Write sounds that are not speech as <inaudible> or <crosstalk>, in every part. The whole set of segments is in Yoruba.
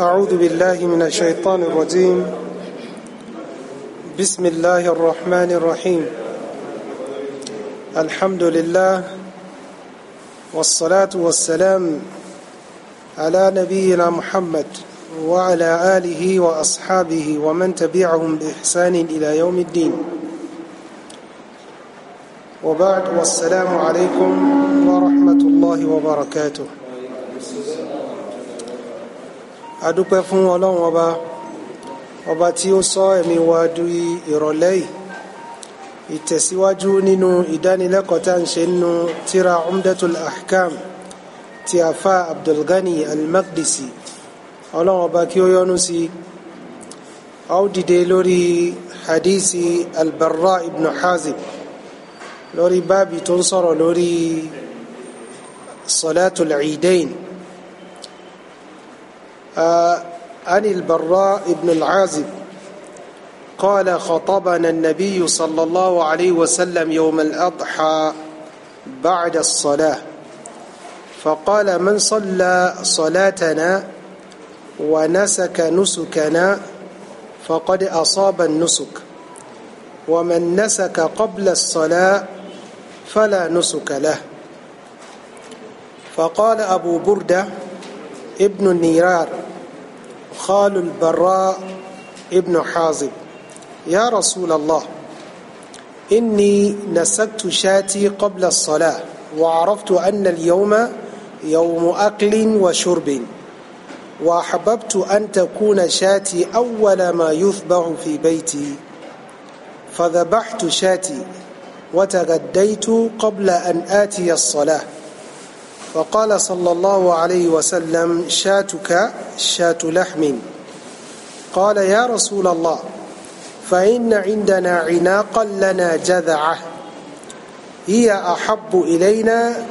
أعوذ بالله من الشيطان الرجيم بسم الله الرحمن الرحيم الحمد لله والصلاة والسلام على نبينا محمد وعلى آله وأصحابه ومن تبعهم بإحسان إلى يوم الدين وبعد والسلام عليكم ورحمة الله وبركاته adúpẹ́ fún ọlọ́run ọba ọba tí ó sọ ẹ̀mí wa du ìrọ̀lẹ́ yìí ìtẹ̀síwájú nínú ìdánilẹ́kọ̀ọ́ tá à ń ṣe nínú tíra umdatul ahkam ti afa abdulgani almaqdisi ọlọ́run ọba kí ó yọ́nú sí a ó dìde lórí hadisi albarra ibn hazib lórí báàbí tó ń sọ̀rọ̀ lórí salatul idain. عن البراء بن العازب قال خطبنا النبي صلى الله عليه وسلم يوم الأضحى بعد الصلاة فقال من صلى صلاتنا ونسك نسكنا فقد أصاب النسك ومن نسك قبل الصلاة فلا نسك له فقال أبو بردة ابن النيرار قال البراء ابن حازم يا رسول الله إني نسكت شاتي قبل الصلاة وعرفت أن اليوم يوم أكل وشرب وأحببت أن تكون شاتي أول ما يذبح في بيتي فذبحت شاتي وتغديت قبل أن آتي الصلاة وقال صلى الله عليه وسلم شاتك شات لحم قال يا رسول الله فإن عندنا عناقا لنا جذعة هي أحب إلينا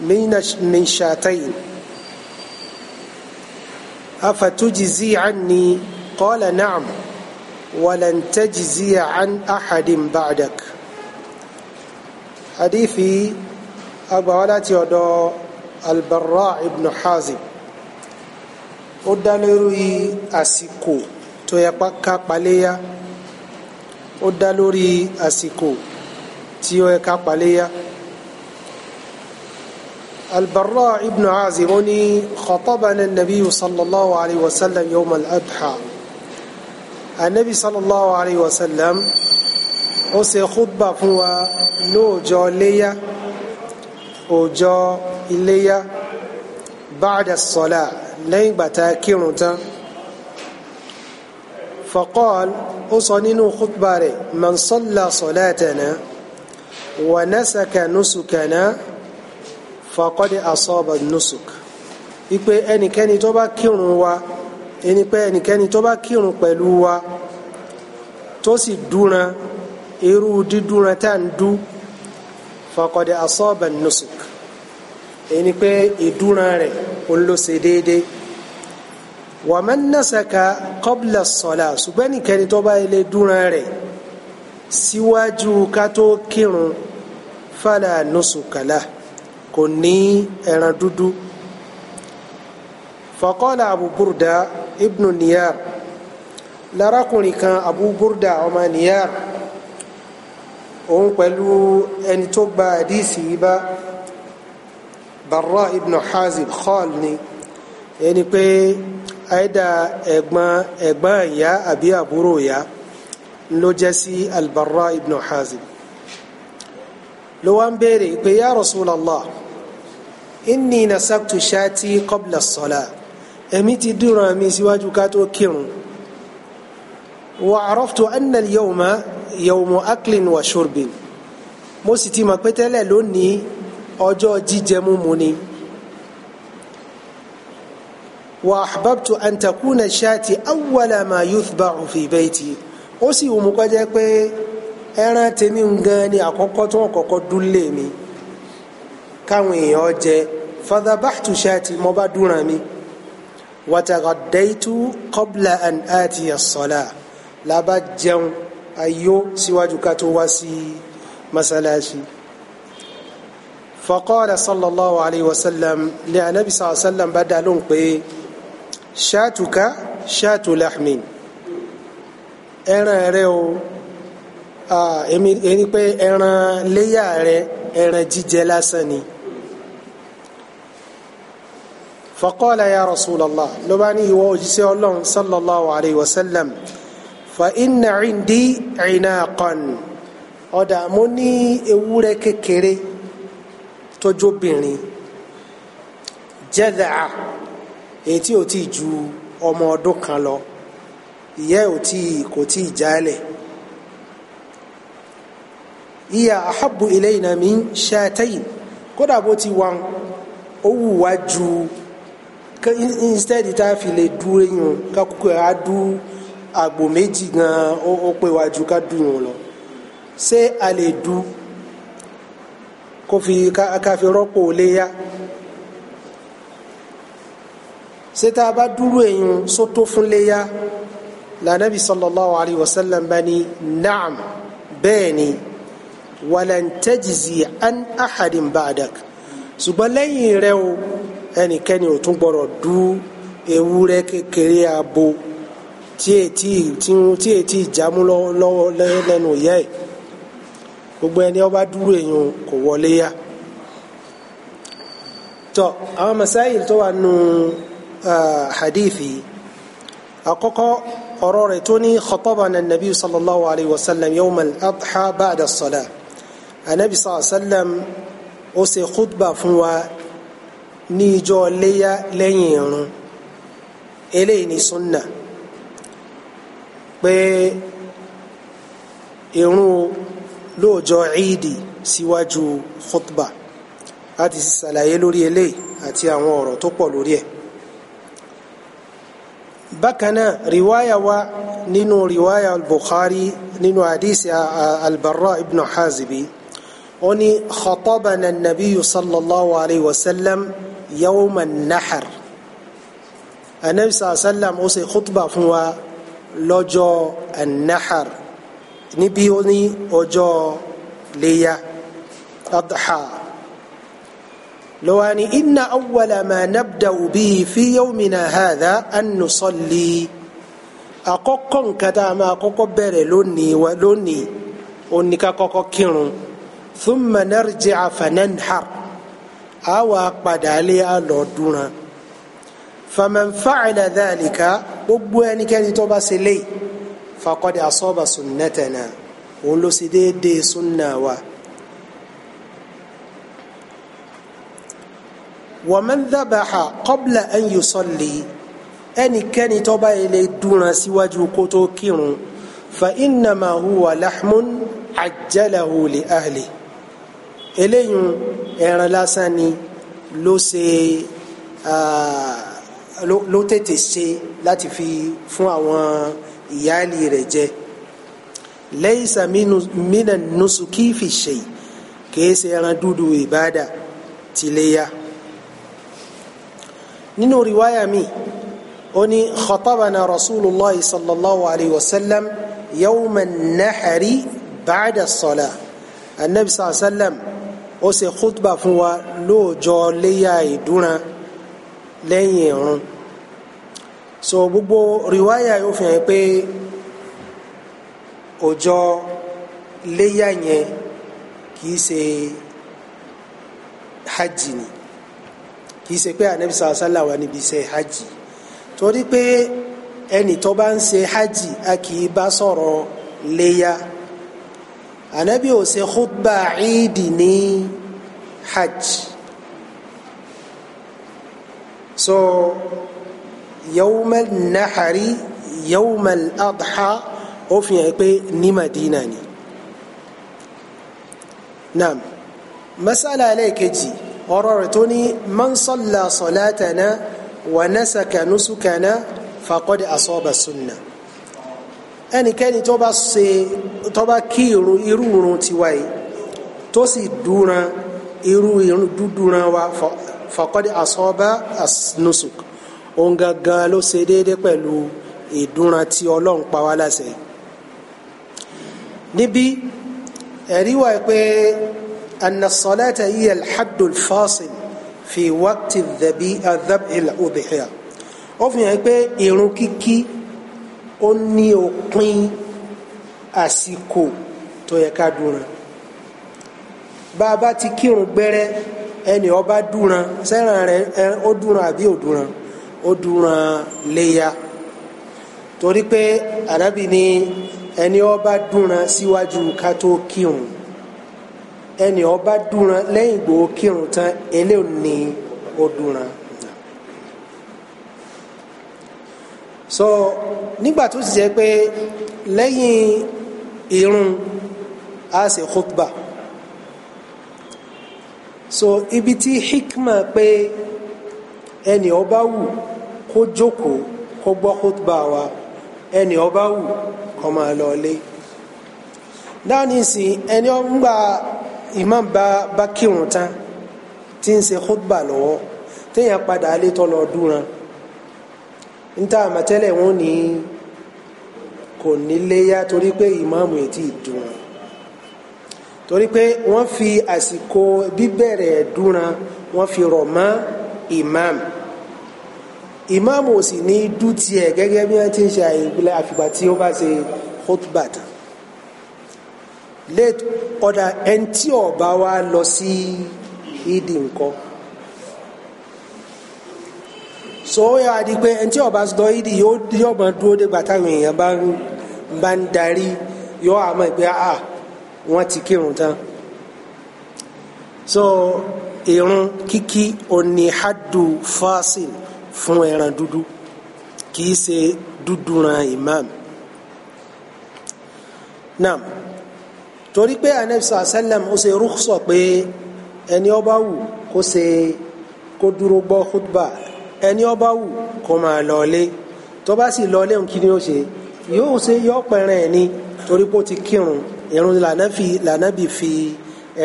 من من شاتين أفتجزي عني قال نعم ولن تجزي عن أحد بعدك حديثي agbàwá láti ọ̀dọ̀ albarra ibn hazib ó dá lórí àsìkò tó yẹ ká paléyá ó dá lórí àsìkò tí ó yẹ ká paléyá albarra ibn hazib ó ní khatabana nabiyu sallallahu alayhi wa sallam yawm al-adha anabi sallallahu alayhi wa sallam ó ṣe khutba fún wa lóòjọ́ léyá ọjọ́ iléyá báàdà sọ́lá lẹ́yìn gbàtà kírun tán fọ́kọ́l ó sọ nínú khutba rẹ̀ man sọ́lá sọ́látana wà násàkà nùsùkànà fọ́kọ́dé asọ́bà nùsùk ipe ẹnikẹ́ni tó bá kírun wa ẹni pé ẹnikẹ́ni tó bá kírun pẹ̀lú wa tó sì dúran irú dídúran tá à ń dú faqad asaba an-nusuk ẹni pé ìdúràn rẹ̀ òun ló ṣe déédéé wa man nasaka qabla as-salah ṣùgbọ́n nìkẹ́ni tó bá ilé dúràn rẹ̀ síwájú ká tó kírun fala nusuka lahu kò ní ẹran dúdú faqala Abu ibnu Niyar lárakùnrin kan Abu Burda Niyar òun pẹ̀lú ẹni tó gba àdísì yìí bá barra ibn hazib khal ni ẹni pé àìdá ẹ̀gbọ́n ẹ̀gbọ́n ìyá àbí àbúrò ìyá ló jẹ́ sí albarra ibn hazib ló wá ń béèrè pé ya rasulallah inni nasaktu shati qabla as-sala èmi ti dúró mi síwájú ká tó kírun wa araftu anna al yawmu aklin wa shurbin mo sì ti mọ̀ pé tẹ́lẹ̀ lónìí ọjọ́ jíjẹ múmu ni wa ahbabtu an takuna shati awwala ma yuthba'u fi bayti ó sì wù mí kó jẹ́ pé ẹran tèmi gan ni àkọ́kọ́ tó wọ́n kọ́kọ́ dúlé mi káwọn èèyàn jẹ fadhabahtu shati mo bá dúnra mi wa taghaddaytu qabla an atiya as-salah ayó síwájú ká tó wá sí masalasi faqala sallallahu alayhi wa sallam ní anabi sallallahu alayhi wa sallam bá dá lóhùn pé ṣáàtùká ṣáàtù lahmin ẹran rẹ o ẹni pé ẹran léyà rẹ ẹran jíjẹ lásán ni faqala ya rasulallah ló bá ní ìwọ sallallahu alayhi wa sallam. fa inna indi inaqan ọ̀dà mo ní ewúrẹ́ kékeré tọ́jọ́bìnrin jẹ́dàá èyí tí ò ti ju ọmọ ọdún kan lọ ìyẹ́ ò tí kò tí jálẹ̀ ìyá ahabbu ilayna min shatayn kódà bó ti wà ó wù wá ju instead tá a fi lè dúró yun ká ẹ̀ á dúró. àgbò méjì gan ó pé wájú ká dùn wọn lọ ṣé a lè du kó fi ká fi rọ́pò léyà ṣé tá a bá dúró èyàn sótó fún léyà lànàbí sallallahu alayhi wa sallam bá ní naam bẹ́ẹ̀ ni walan an ahadin ba'dak ṣùgbọ́n lẹ́yìn rẹ o ẹnikẹ́ni ò tún gbọ́dọ̀ du ewúrẹ́ kékeré abo tí ètí tí ètí ìjámú lọ́wọ́ lẹ́nu ìyá ẹ̀ gbogbo ẹni ọba dúró èèyàn kò wọlé yá tọ àwọn masáyìl tó wà nù hadithi àkọ́kọ́ ọ̀rọ̀ rẹ̀ tó ní khatabana nabi sallallahu alayhi wa sallam yawm al-adha ba'da as anabi sallallahu alayhi wa sallam ó ṣe khutba fún wa ní ìjọ léyà lẹ́yìn irun eléyìí ni sunna pé irun lóòjọ́ ìdí síwájú khutba láti ṣàlàyé lórí eléyìí àti àwọn ọ̀rọ̀ tó pọ̀ lórí ẹ̀ bákanáà riwaya wa nínú riwaya al-bukhari nínú hadisi al-barra ibn hazibi ó ní khatabana nabiyu sallallahu alayhi wa sallam yawman nahar anabi sallallahu alayhi wa sallam ó ṣe khutba fún wa lọ́jọ́ anahar níbi ó ní ọjọ́ léya adha lọ́wọ́ ni inna awwala ma nabda'u bihi fi yawmina hadha an nusalli àkọ́kọ́ nǹkan tá a máa kọ́kọ́ bẹ̀rẹ̀ lónìí wa lónìí ó ní ká kọ́kọ́ kírun thumma narji'a fananhar a padà lé a dúnra faman fa'ala dhalika gbogbo ẹnikẹ́ni tó bá ṣe léyìí fakọ́dé asọ́ba sunnatana òun ló ṣe déédéé sunna wa. wa man dhabaha qabla an yusalli ẹnikẹ́ni tó bá yẹ lè dúnra síwájú kó tó kírun fa innama huwa lahmun ajjalahu li ahli eléyìí ẹran lásán ni ló ṣe. Uh, ló tètè ṣe láti fi fún àwọn ìyáàlì rẹ̀ jẹ laysa mina nusuki fi shay kìí ṣe ẹran dúdú ìbáàdà tìléyà nínú riwaya mi ó ní khatabana rasulillah sallallahu alayhi wa sallam yawma nahari baada sọlá anabi sallam ó ṣe khutba fún wa lóòjọ́ léyà ìdúran lẹ́yìn ìrun so gbogbo riwaya yóò fi hàn pé ọjọ́ léyà yẹn kì í ṣe hajj ni kì í ṣe pé anabi sallallahu alaihi wasallam wà níbi ṣe hajj torí pé ẹni tó bá ń ṣe hajj a kì í bá sọ̀rọ̀ léyà anabi ò ṣe khutba ìdì ní hajj so yawma nahari yawma adha ó fi hàn pé ní madina ni naam masala ẹlẹ́ẹ̀kejì ọ̀rọ̀ rẹ̀ tó ní man salla salatana wa nasaka nusukana faqad asaba sunna ẹnikẹ́ni tó bá ṣe tó bá kí irú irun tiwa yìí tó sì dúran irú irun dúdúran wa faqad asaba as-nusuk òun gangan ló ṣe déédé pẹ̀lú ìdúnra tí ọlọ́run pa wá láṣẹ. níbí ẹ̀rí wà pé anna salata hiya alḥaddul fasil fi waqti dhabi adhab'il udhiya ó fi hàn pé irun kíkí ó ní òpin àsìkò tó yẹ ká dúnra bá a bá ti kírun gbẹrẹ ẹni ọba dúnra sẹ́ràn rẹ̀ ó dúnra àbí ò dúnra. ó dúran léya torí pé ànábì ni ẹni ó bá dúran síwájú ká tó kírun ẹni ó bá dúran lẹ́yìn gbòó kírun tán ni ó dúran. so nígbà tó ti jẹ́ pé lẹ́yìn irun a ṣe khutba so ibi tí hikma pé ẹni ó wù. ko joko kó gbọ́ khutba wa ẹni ọba wù kó máa lọ lé dáhùn sí ẹni imam bá bá ti n se ń ṣe khutba lọ́wọ́ téèyàn padà alé tó lọ dúran níta àmọ̀tẹ́lẹ̀ wọn ni kò ní léyà torí pé ìmáàmù ètí ìdúran torí pé fi àsìkò bíbẹ̀rẹ̀ dúran wọ́n fi rọ̀ mọ́ ìmáàmù. ìmáàmù ò sì ní dútì ẹ̀ gẹ́gẹ́ bí wọ́n ti ń ṣe àìgbìlẹ̀ àfìgbà tí ó bá ṣe khutbah late order ẹni tí ó bá lọ sí ìdí nǹkan so ó yà á di pé ẹni tí ó bá lọ ìdí yóò máa dúró dégbà táwọn èèyàn bá ń bá ń darí yóò àmọ́ ìgbé à wọ́n ti kírun tán so ìrun kíkí òní hadu fasil fún ẹran dúdú kì í ṣe dúdúran imam naam torí pé anabisa asalam ó ṣe rúkṣọ pé ẹni ó bá wù kó ṣe kó dúró gbọ́ khutba ẹni ó bá wù kó máa lọlé tó bá sì lọlé kí ni ó ṣe yóò ṣe yọ pẹ̀rẹ̀ ni torí pé ó ti kírun irun lànà fi lànà bí fi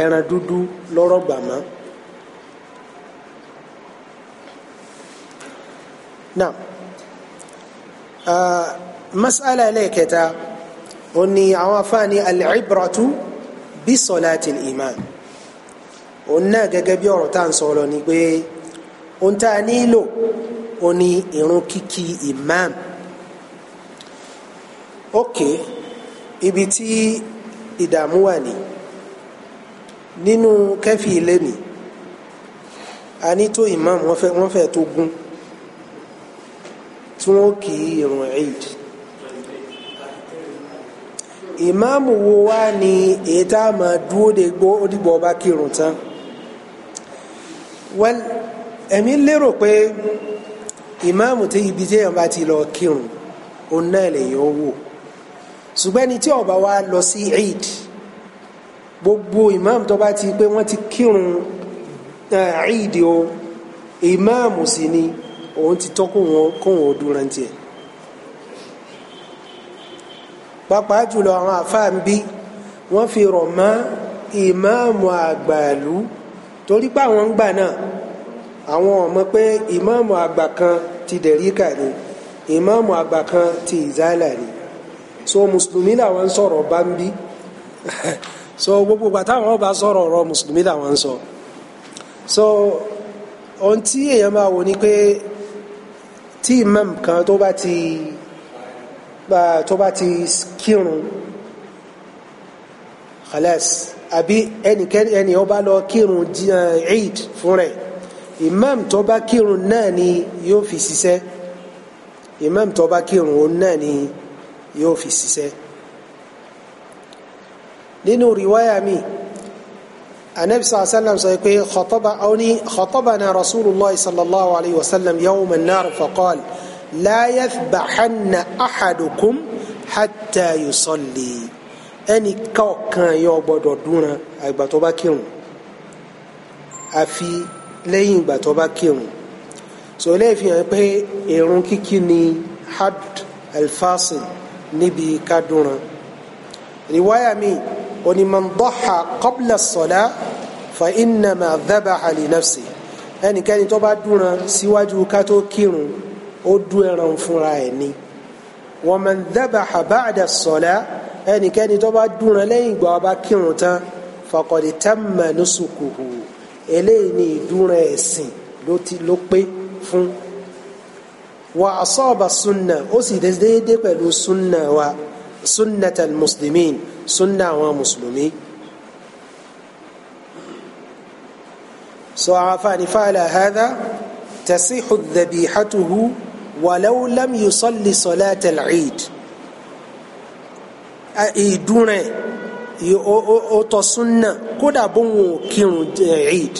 ẹran dúdú lọ́rọ̀ gbàmọ́. náà uh, masala ẹlẹ́ẹ̀kẹta ó ní àwọn afáàní al-ibratu bí sọláàtì imam òun náà gẹ́gẹ́ bí ọ̀rọ̀ tá à ń sọ̀rọ̀ ni pé ohun tá a nílò ó ní irun kíkí imam ókè ibi tí ìdààmú wà ní nínú kẹfì lẹ́nìí a ní tó imam wọ́n fẹ́ tó gún tí wọ́n kì í irun eid ìmáàmù wo wá ní èyí tá a máa dúró de gbọ́ bá kírun tán well èmi lérò pé ìmáàmù tí ibi tí èèyàn bá ti lọ kírun òun náà lèèyàn wò ṣùgbọ́n ẹni tí ó bá wá lọ sí eid gbogbo ìmáàmù tó bá ti pé wọ́n ti kírun eh, eid o ìmáàmù sì ni òun ti tọ́ kóun kóun ó dúró tiẹ̀ pàápàá jùlọ àwọn àfáàn bí wọ́n fi rọ̀ mọ́ ìmáàmù àgbàlú torí pé àwọn ń gbà náà àwọn ọmọ pé ìmáàmù àgbà kan ti dẹ̀ríkà ni ìmáàmù àgbà kan ti ìzálà ni so mùsùlùmí làwọn ń sọ̀rọ̀ bá ń bí <laughs> so gbogbo ìgbà táwọn bá sọ̀rọ̀ ọ̀rọ̀ mùsùlùmí làwọn ń sọ so ohun tí èèyàn máa wò ni pé tí imam kan tó bá ti tó bá ti kírun khalas àbí ẹnikẹ́ni ẹni ó bá lọ kírun eid fún rẹ̀ imam tó bá kírun náà ni yóò fi ṣiṣẹ́ imam tó bá kírun òun náà ni yóò fi ṣiṣẹ́ nínú riwaya mi anabi sallallahu alayhi wa sallam sọ pé khotaba awni khotabana rasulillah sallallahu alayhi wa sallam yawma nar faqal la yathbahanna ahadukum hatta yusalli ẹnì kọ̀ọ̀kan yóò gbọ́dọ̀ dúnra àgbà tó bá kírun àfi lẹ́yìn ìgbà tó bá kírun so eléyìí fi hàn pé ìrun kíkí ni had alfasil níbi ká dúnra riwaya mi oni man dọ́ha qabla sọ̀lá fa innama dhabaha li nafsi ẹnikẹ́ni tó bá dúnran síwájú ká tó kírun ó dú ẹran fúnra ẹ̀ ni wa man dhabaha ba'da sọ̀lá ẹnikẹ́ni tó bá dúnran lẹ́yìn ìgbà ọba kírun tán faqad tamma nusukuhu eléyìí ni ìdúnran ẹ̀sìn ló ti ló pé wa asaba sunna ó sì déédéé pẹ̀lú sunna wa sunnatal muslimin sunna àwọn mùsùlùmí so àfààní fàlà hàdá tasihu dhabihatuhu walaw lam yusalli salat al-eid ìdúnrẹ ó tọ́ sunna kódà bóun ò kírun eh, eid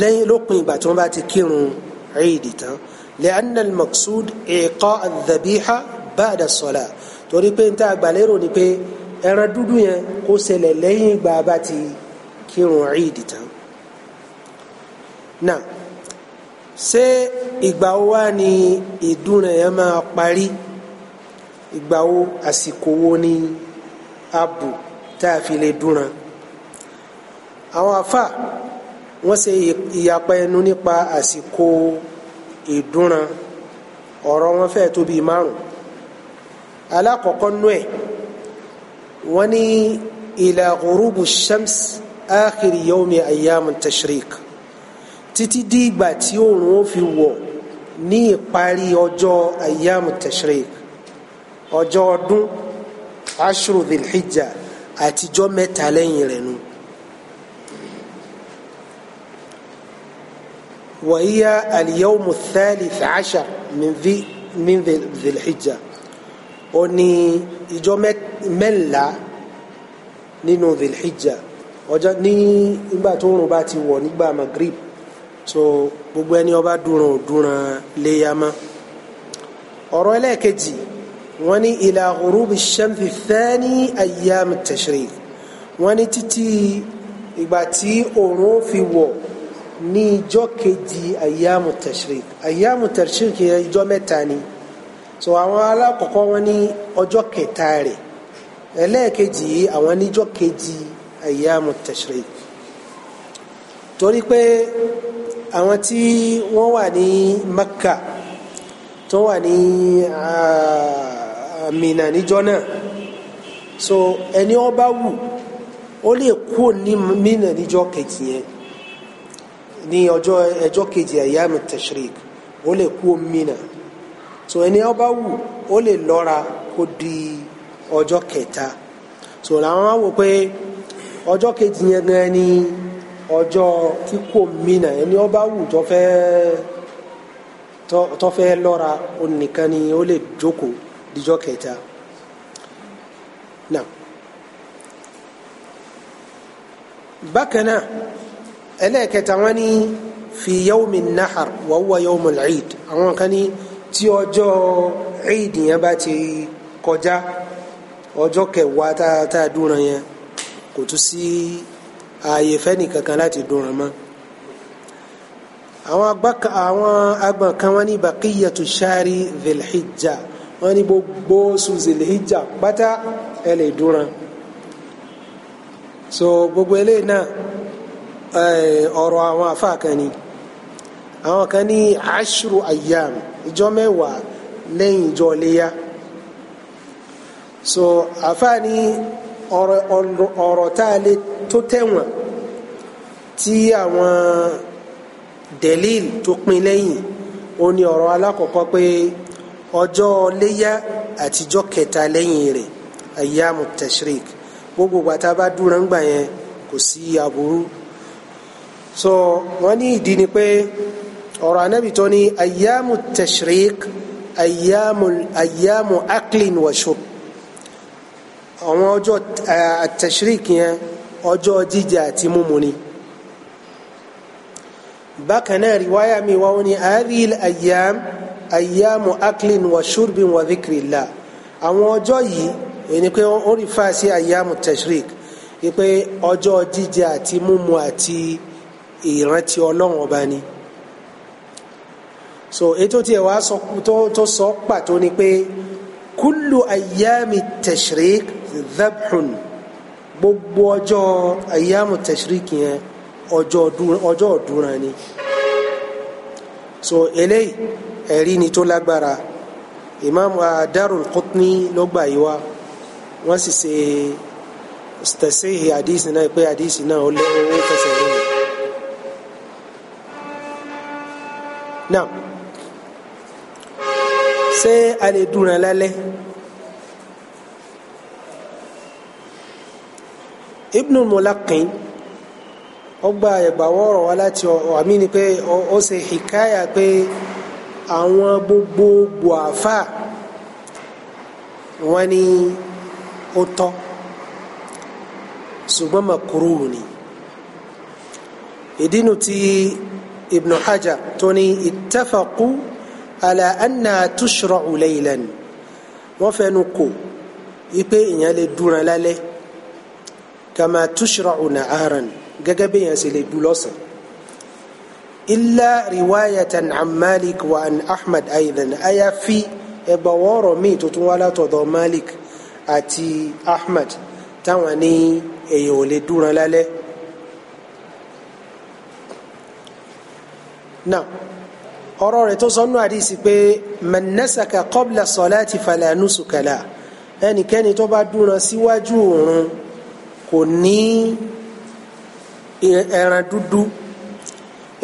lẹ́yìn lópin ìgbà tí wọ́n bá ti kírun eid tán lẹ́yìn al-maqsud iqa al-dhabiha torí pé n ta àgbàlérò ni pé ẹran dúdú yẹn kó ṣẹlẹ̀ lẹ́yìn ìgbà bá ti kírun Eid tán náà ṣé ìgbà wo wá ni ìdúnrẹ̀ yẹn máa parí ìgbà wo àsìkò wo ni abù tá a fi lè dúnran àwọn afa wọ́n ṣe ìyapa ẹnu nípa àsìkò ìdúnran ọ̀rọ̀ wọn fẹ́ẹ̀ tó bíi márùn alákọ̀ọ́kọ́ nú ẹ̀. وني إلى غروب الشمس آخر يوم أيام التشريق تتدي باتيون وفي وو ني قالي أجو أيام التشريق أجو دون عشر ذي الحجة أتجو متالين لنو وهي اليوم الثالث عشر من ذي من ذي الحجة أني يجو mẹ́la nínú dhilhijja ọjọ́ ní ìgbà tó rùn bá ti wọ̀ nígbà magrib so gbogbo ẹni ó bá dúran òdúran léyàmá ọ̀rọ̀ ẹlẹ́ẹ̀kejì wọ́n ní ila ghurubi shamsi thani ayyam tashriq wọ́n ní títí ìgbà tí òòrùn fi wọ̀ ní ìjọ́ kejì ayyamu tashrik ayyamu tashrik yẹn ìjọ́ mẹ́ta ni so àwọn alákọ̀ọ́kọ́ wọ́n ní ọjọ́ kẹta rẹ̀ ẹlẹ́ẹ̀kejì yìí àwọn níjọ́ kejì ayyamu tashrik torí pé àwọn tí wọ́n wà ní Makka tó wà ní ah, Mina níjọ́ náà so ẹni ó bá wù ó lè kú ní Mina níjọ́ kejì yẹn ní ọjọ́ ẹjọ́ kejì ayyamu tashrik ó lè kú Mina so ẹni ó bá wù ó lè lọ́ra kó di. ọjọ́ kẹta so na wá wò pé ọjọ́ kejì yẹn gan ni ọjọ́ kíkó mìíràn ẹni ọba wù tó fẹ́ tó lọ́ra onìkan ni ó lè jókòó díjọ́ kẹta náà bákan náà ẹlẹ́ẹ̀kẹta wọn ni fi yawmi nahar wa huwa yawmu eid àwọn kan tí ọjọ́ eid yẹn bá ti kọjá. ọjọ́ kẹwàá tá tá a dúnra yẹn kò tún sí ààyè fẹ́ni kankan láti dúnra mọ́ àwọn agbọ̀n kan wọ́n ní bàkíyàtú sáré zilhijja wọ́n ní gbogbo oṣù zilhijja pátá ẹ lè dúnra so gbogbo eléyìí náà eh, ọ̀rọ̀ àwọn afa kan ni àwọn kan ní ashru ayyam ìjọ mẹ́wàá lẹ́yìn ìjọ léyà so àfáàní ọ̀rọ̀ tá a lè tó tẹ̀wọ̀n tí àwọn delil tó pin lẹ́yìn ó ní ọ̀rọ̀ alákọ̀ọ́kọ́ pé ọjọ́ léyà àtijọ́ kẹta lẹ́yìn rẹ̀ ayyamu tashrik gbogbo gbàtà bá dúró ń gbà yẹn kò sí aburú so wọ́n ní ìdí ni pé ọ̀rọ̀ anábì tó ní ayyamu tashrik ayyamu aklin wa shurb àwọn ọjọ́ àtẹ̀síríkì yẹn ọjọ́ jíjẹ àti mímu ni bákan náà riwaya mi wá wọn ni àárín ayyam ayyamu aklin wa shurbin wa dhikrillah àwọn ọjọ́ yìí èyí pé ó rí fa sí ayyamu tashrik pé ọjọ́ jíjẹ àti mímu àti ìrántí ọlọ́run ọba ni so ètò tí ẹ wá sọ tó sọ pàtó ni pé kullu ayyami tashrik dhabhun gbogbo ọjọ́ ayyamu tashrik yẹn ọjọ́ ọ̀dúnra ni so eléyìí ẹ̀rí ni tó lágbára imam ah, darul qutni ló gbà yìí wá wọ́n sì ṣe stasihi hadisi náà pé hadisi náà ó lé owó fẹsẹ̀ rí mi. náà ṣé a lè dúnra lálẹ́. ibnu mulaqin ọgbà ẹgbàwọrọ wa láti àmì ni pé ó ṣe hikaya pé àwọn gbogbo buafa wọn ni ó tọ́ ṣùgbọ́n makuru ni ìdínú ti ibnu hajar tó ní ittafaqu ala anna tushra'u laylan wọ́n fẹnu kò wípé ìyẹn lè dúran lálẹ́ kama tushra'u na'aran gẹ́gẹ́ bí yẹn ṣe lè du lọ́sàn. illa riwayatan an malik wa an ahmad aydan ayafi ẹgbàwọ́rọ̀ míì tó tún wá látọ̀dọ̀ malik àti ahmad táwọn ní èyàn ò lè dúran lálẹ́. náà ọ̀rọ̀ rẹ̀ tó sọnù àdìsí pé man nasaka qabla salati fala nusuka la ẹnikẹ́ni tó bá dúran síwájú òun. Si kò ní ẹran dúdú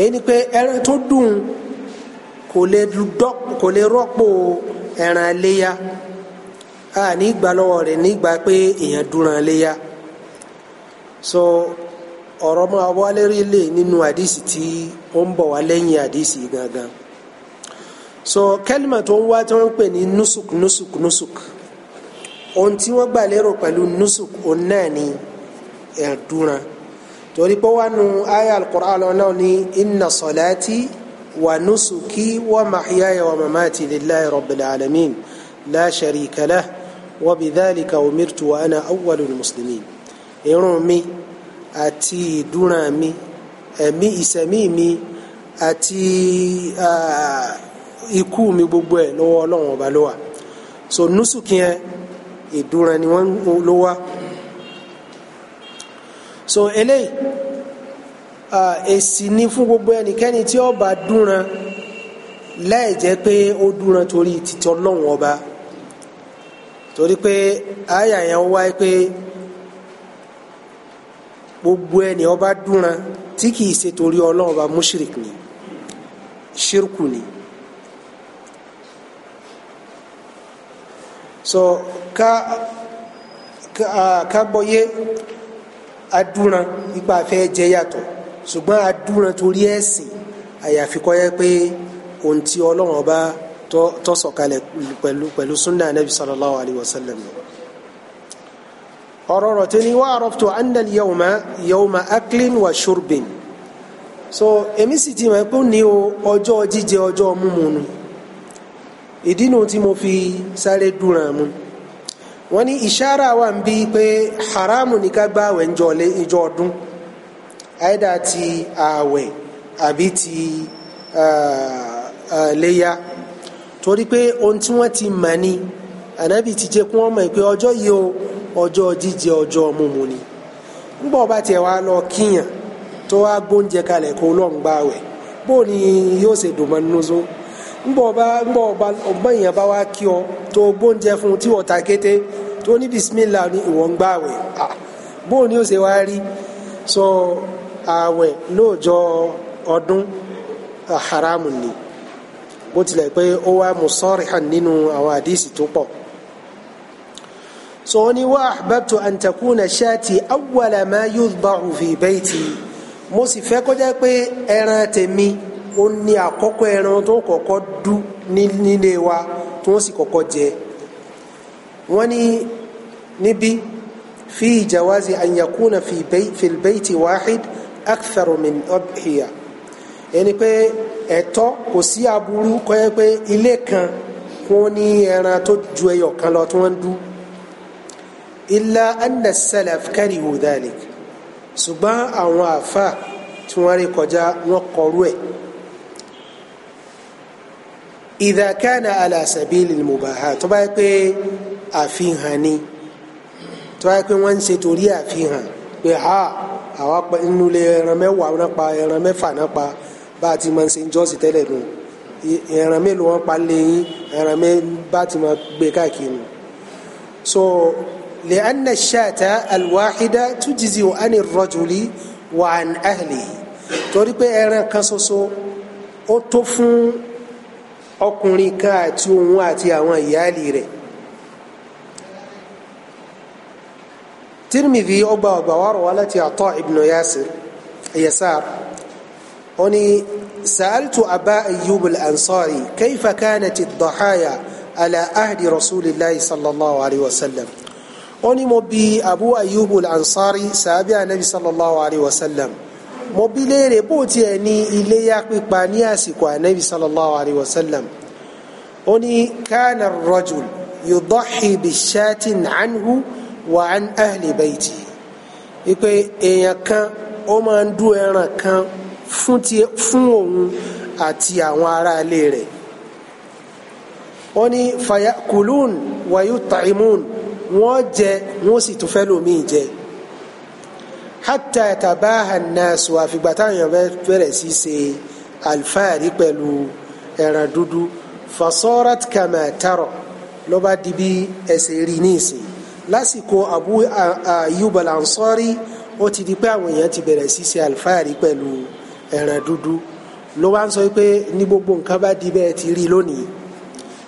èyí ni pé ẹran tó dùn kò lè kò lè rọ́pò ẹran léya a nígbà lọ́wọ́ rẹ̀ nígbà pé èèyàn dúran léya so ọ̀rọ̀ máa wá lérí lè nínú àdìsí tí ó ń bọ̀ wá lẹ́yìn àdìsí gangan so kẹ́lìmà tó ń wá tí wọ́n ń pè ní nusuk nusuk nusuk ohun tí wọ́n gbà lérò pẹ̀lú nusuk òun náà ni ẹ̀dúnra torí pé wọ́n nu aya al-Qur'an náà ní inna salati wa nusuki wa mahyaya wa mamati lillahi rabbil alamin la sharika lah wa bidhalika umirtu wa ana awwalul muslimin irun mi àti ìdúnra mi ẹ̀mí ìsẹ̀mí mi àti ikú mi gbogbo ẹ̀ lọ́wọ́ ọlọ́run ọba ló so nusuki yẹn ìdúnra ni wọ́n ló so eléyìí èsì ni fún gbogbo ẹnikẹ́ni tí ó bá dúnran láì jẹ́ pé ó dúnran torí títí ọlọ́run ọba torí pé àyà yẹn wáyé pé gbogbo ẹni ó bá tí kìí ṣe torí ọlọ́run ọba mushrik ni shirku ni so ká ká gbọ́yé. Ka, ka, adúran ipa fẹ́ jẹ yàtọ̀ ṣùgbọ́n adúran torí ẹ̀sìn àyàfi kó yẹ pé ohun tí ọlọ́run ọba tó sọ̀kalẹ̀ pẹ̀lú sunna anabi sallallahu alayhi wa sallam ọ̀rọ̀ ọ̀rọ̀ tí ni wà á andal yawma yawma aklin wa shurbin so èmi sì ti mọ̀ pé ní o ọjọ́ jíjẹ ọjọ́ mímu nu ìdí nu tí mo fi sáré dúran mu. wọ́n ní ìṣára wa ń bí pé haramu ní ká gbààwẹ̀ ìjọ ọdún àìdá ti ààwẹ̀ àbí ti léyà torí pé ohun tí wọ́n ti mọ̀ ni ànábì ti jẹ́ kí wọ́n mọ̀ pé ọjọ́ yìí o ọjọ́ jíjẹ ọjọ́ mímu ọba tiẹ̀ wá lọ kíyàn tó wá gbóúnjẹ kalẹ̀ kó lọ́n bó ni yóò ṣe dùnmọ́ nínú zó ọba ọgbọ́n bá wá kí ọ tó gbóúnjẹ fún tí kété tó ní bisimilá ní ìwọ̀n gbààwẹ̀ bóun ni ó ṣe wá rí so ààwẹ̀ lóòjọ́ ọdún haramu ni bó tilẹ̀ pé ó wá musarihan nínú àwọn àdísì tó pọ̀ so ni wá ahbabtu an takuna shati awwala ma yudba'u fi bayti mo sì fẹ́ kó jẹ́ pé ẹran tèmi ó ní àkọ́kọ́ ẹran tó kọ́kọ́ dú nílé wa tó sì kọ́kọ́ jẹ wọ́n ní níbí fi jawazi an yakuna fi bayti wahid akthar min udhiya ẹni pé ẹ̀tọ́ kò sí aburú kọ́ yẹ pé ilé kan kò ní ẹran tó ju ẹyọ kan lọ tí ń dú illa anna salaf karihu dhalik ṣùgbọ́n àwọn àfa tí wọ́n rí kọjá wọ́n kọrú ẹ̀ idha kana ala sabili al-mubaha tó bá yẹ pé àfihàn ni tó yẹ pé wọ́n ń ṣe torí àfihàn pé ha àwa pa inú ilé ẹran mẹ́wàá náà pa ẹran mẹ́fà náà pa bá a ti máa ń ṣe jọ́sìn tẹ́lẹ̀ nù ẹran mélòó wọn pa lẹ́yìn ẹran mẹ́ bá a ti máa gbé káàkiri so لأن الشاة الواحدة تجزي عن الرجل وعن أهله torí pé ẹran kan ṣoṣo ó tó fún ọkùnrin kan àti òun àti àwọn ìyáàlì rẹ̀. tirmidhi ọgbà ọgbà wàrọ̀ wà láti Ata ibn Yasir Yasar ó ní sa'altu Aba Ayyub al-Ansari kayfa kanat ad-dahaya ala ahdi rasulillahi sallallahu alayhi wa sallam ó ní mo bi Abu Ayyub al-Ansari sàbí anabi sallallahu alayhi wa sallam mo bi léèrè bó tiẹ̀ ní iléyà pípa ní àsìkò anabi sallallahu alayhi wa sallam kana ar-rajul yudahi bi shatin anhu wa an ahli bayti wípé èèyàn kan ó máa ń dú ẹran kan fún ti fún òun àti àwọn ará ilé rẹ̀ wọ́n ní fayakulun wa yut'imun wọ́n jẹ wọ́n sì tún fẹ́ lómi jẹ hatta yatabaha an àfìgbà táwọn èèyàn bẹ̀rẹ̀ sí ṣe alfahari pẹ̀lú ẹran dúdú fasorat kama ló bá di bí ẹsẹ̀ rí ní lásìkò abu ayub al-ansari ó ti di pé àwọn èèyàn ti bẹ̀rẹ̀ sí ṣe alfahari pẹ̀lú ẹran dúdú ló wá ń sọ pé ní gbogbo nǹkan bá di bẹ́ẹ̀ ti rí lónìí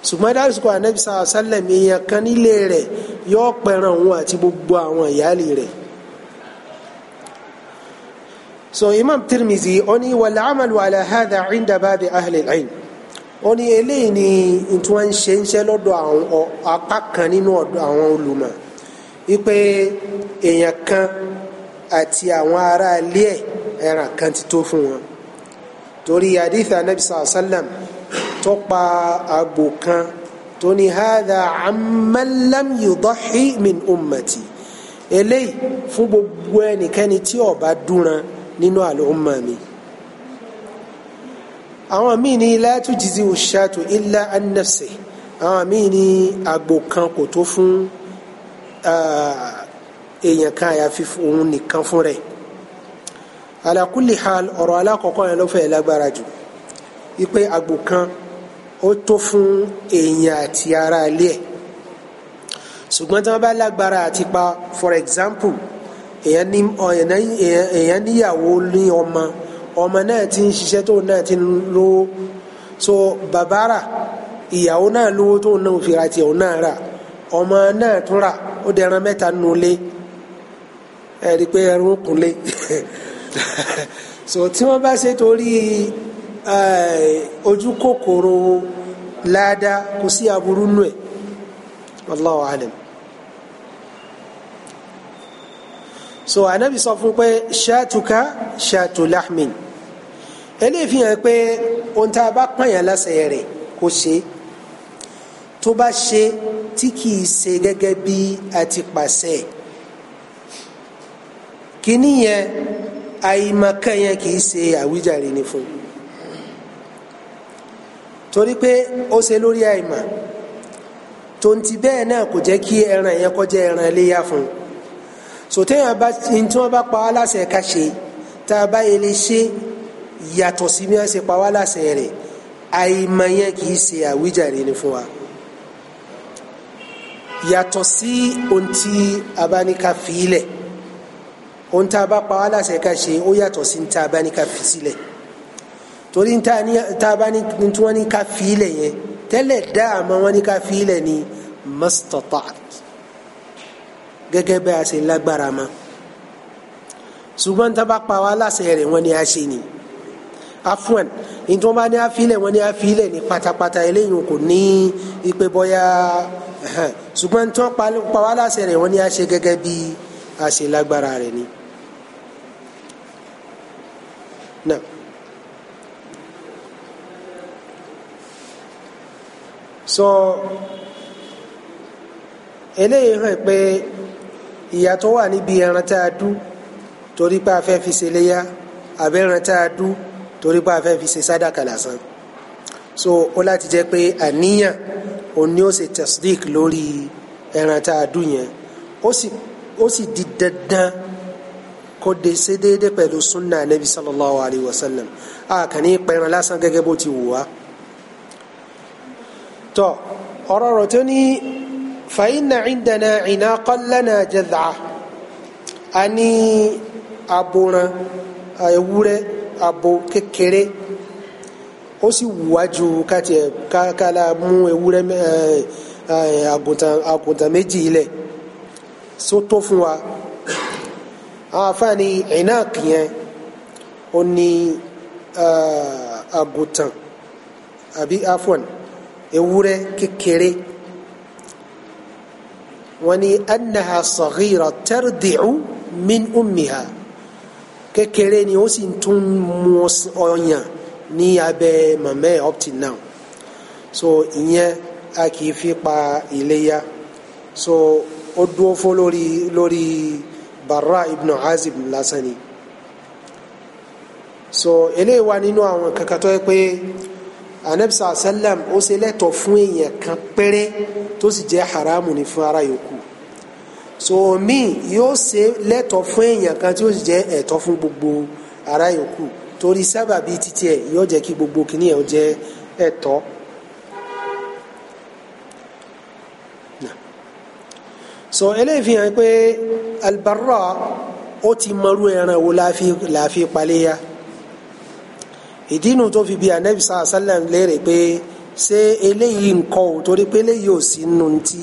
ṣùgbọ́n dárúkọ anabi sàlá èèyàn kan nílé rẹ̀ yóò pẹran òun àti gbogbo àwọn ìyáálé rẹ̀ so imam tirmizi ó ní wàlẹ̀ amalu ala hadha inda babi ahli al-ilm ó ní eléyìí ni tí wọ́n ń ṣe ń ṣe lọ́dọ̀ àwọn apá kan nínú ọ̀dọ̀ àwọn olùmọ̀ wípé èèyàn kan àti àwọn ará ilé ẹ̀ ẹran kan ti tó fún wọn torí hadith anabi sallam tó pa àgbò kan tó ní hadha amman lam yudahi min ummati eléyìí fún gbogbo ẹnikẹ́ni tí ó bá dúran nínú àlùmọ mi àwọn míì ní la tujzi ushatu illa an nafsi àwọn míì ní àgbò kan kò tó fún Eh, èèyàn kan àyàfi òun nìkan fún rẹ̀ ala kulli hal ọ̀rọ̀ alákọ̀ọ́kọ́ yẹn ló fẹ́ lágbára jù ipe àgbò kan ó tó fún èèyàn àti ara ilé ẹ̀ ṣùgbọ́n tí wọ́n bá lágbára àti pa for example èèyàn níyàwó ní ọmọ ọmọ náà ti ń ṣiṣẹ́ tó náà ti ń lówó so bàbá ìyàwó náà lówó tó náà fi ra tiẹ̀ náà rà ọmọ náà tún rà ó dẹran mẹ́ta nù lé ẹ i pé ẹrù ń kun lé so tí wọ́n bá ṣe torí eh, ojú kòkòrò ládàá kò sí aburú nù ẹ̀ wallahu alam. so anabi sọ fún pé ṣáàtúkà ṣáàtú lahmin eléyìí fi hàn pé ohun tá a bá pààyàn lásẹ̀ rẹ̀ kò ṣe tó bá ṣe tí kìí ṣe gẹ́gẹ́ bí a ti pàṣẹ kíní yẹn àìmọ̀kan yẹn kìí ṣe àwíjàre ni fún torí pé ó ṣe lórí àìmọ̀ tonti bẹ́ẹ̀ náà kò jẹ́ kí ẹran yẹn kọjá ẹran iléyà fún un sòtẹ́yìn abá tí wọ́n bá pa wá láṣẹ ká ṣe tá a bá yẹ lè ṣe yàtọ̀ sí bí wọ́n ṣe pa wá láṣẹ rẹ̀ àìmọ̀ yẹn kì í ṣe àwíjàre ni fún wa yàtọ̀ sí ohun tí a bá ní ká fi ilẹ̀ ohun tá a bá pa wá láṣẹ ká ṣe ó yàtọ̀ sí ohun tá a bá ní ká fi sílẹ̀ torí tá a bá ní tí wọ́n ní ká fi ilẹ̀ yẹn tẹ́lẹ̀ dá àmọ́ wọ́n ní ká fi ilẹ̀ ní mọ́sítọ̀tà gẹ́gẹ́ bẹ́ẹ̀ a ṣe lágbára ma ṣùgbọ́n tá a bá pa wá láṣẹ rẹ̀ wọ́n ní a ṣe ni afuan ní tí wọ́n bá ní a fi ilẹ̀ wọ́n ní a fi ilẹ̀ ní pátápátá eléyìí kò ní ipe bọ́yá. <coughs> ṣùgbọ́n tí wọ́n pa wá láṣẹ rẹ̀ wọ́n ní a ṣe gẹ́gẹ́ bí a ṣe lágbára rẹ̀ ni. Now. so eléyìí hàn pé ìyà tó wà níbi ẹran tá a dú torí pé a fẹ́ fi ṣe léyà àbẹ́ ẹran tá a dú torí pé a fẹ́ fi ṣe sádàkà lásán so ó láti jẹ́ pé àníyàn òun ni ó ṣe tasdik lórí ẹran tá a dùn yẹn ó sì di dandan kó de ṣe déédéé pẹ̀lú sunna anabi sallallahu alayhi wa sallam a kàn ní pẹran lásán gẹ́gẹ́ bó ti wù wá. tọ́ ọ̀rọ̀ rẹ̀ tó ní fa inna indana inaqan lana a ní aboran ewúrẹ́ abo kékeré ó sì wájú káti ẹ̀ kákàlà mú ewúrẹ́ àgùntàn àgùntàn méjì ilẹ̀ só tó fún wa àwọn afáàní ìnáàk yẹn ó ní àgùntàn àbí afwan ewúrẹ́ kékeré wọ́n ní annaha saghira tardi'u min ummiha kékeré ni ó sì tún mú ọyàn ní abẹ́ mọ̀mẹ́ up till now so ìyẹn a kì í fi pa iléyà so ó dúró fún lórí lórí Barra ibn Azib lásán ni so eléyìí wà nínú àwọn kankan tó yẹ pé anabisa salam ó ṣe lẹ́tọ̀ fún èèyàn kan péré tó sì jẹ́ haramu ní fún ara yòókù so mi yóò ṣe lẹ́tọ̀ fún èèyàn kan tí ó sì jẹ́ ẹ̀tọ́ fún gbogbo ara yòókù torí sábàbí títí ẹ̀ yóò jẹ́ kí gbogbo kìíní ẹ̀ ó jẹ́ ẹ̀tọ́. so eléyìí fi hàn pé albarra ó ti mọrú ẹran wo láàfi paléya ìdí inú tó fi bi anabi sàlá sàlám léèrè pé ṣé eléyìí nǹkan ò torí pé eléyìí ò sí nù tí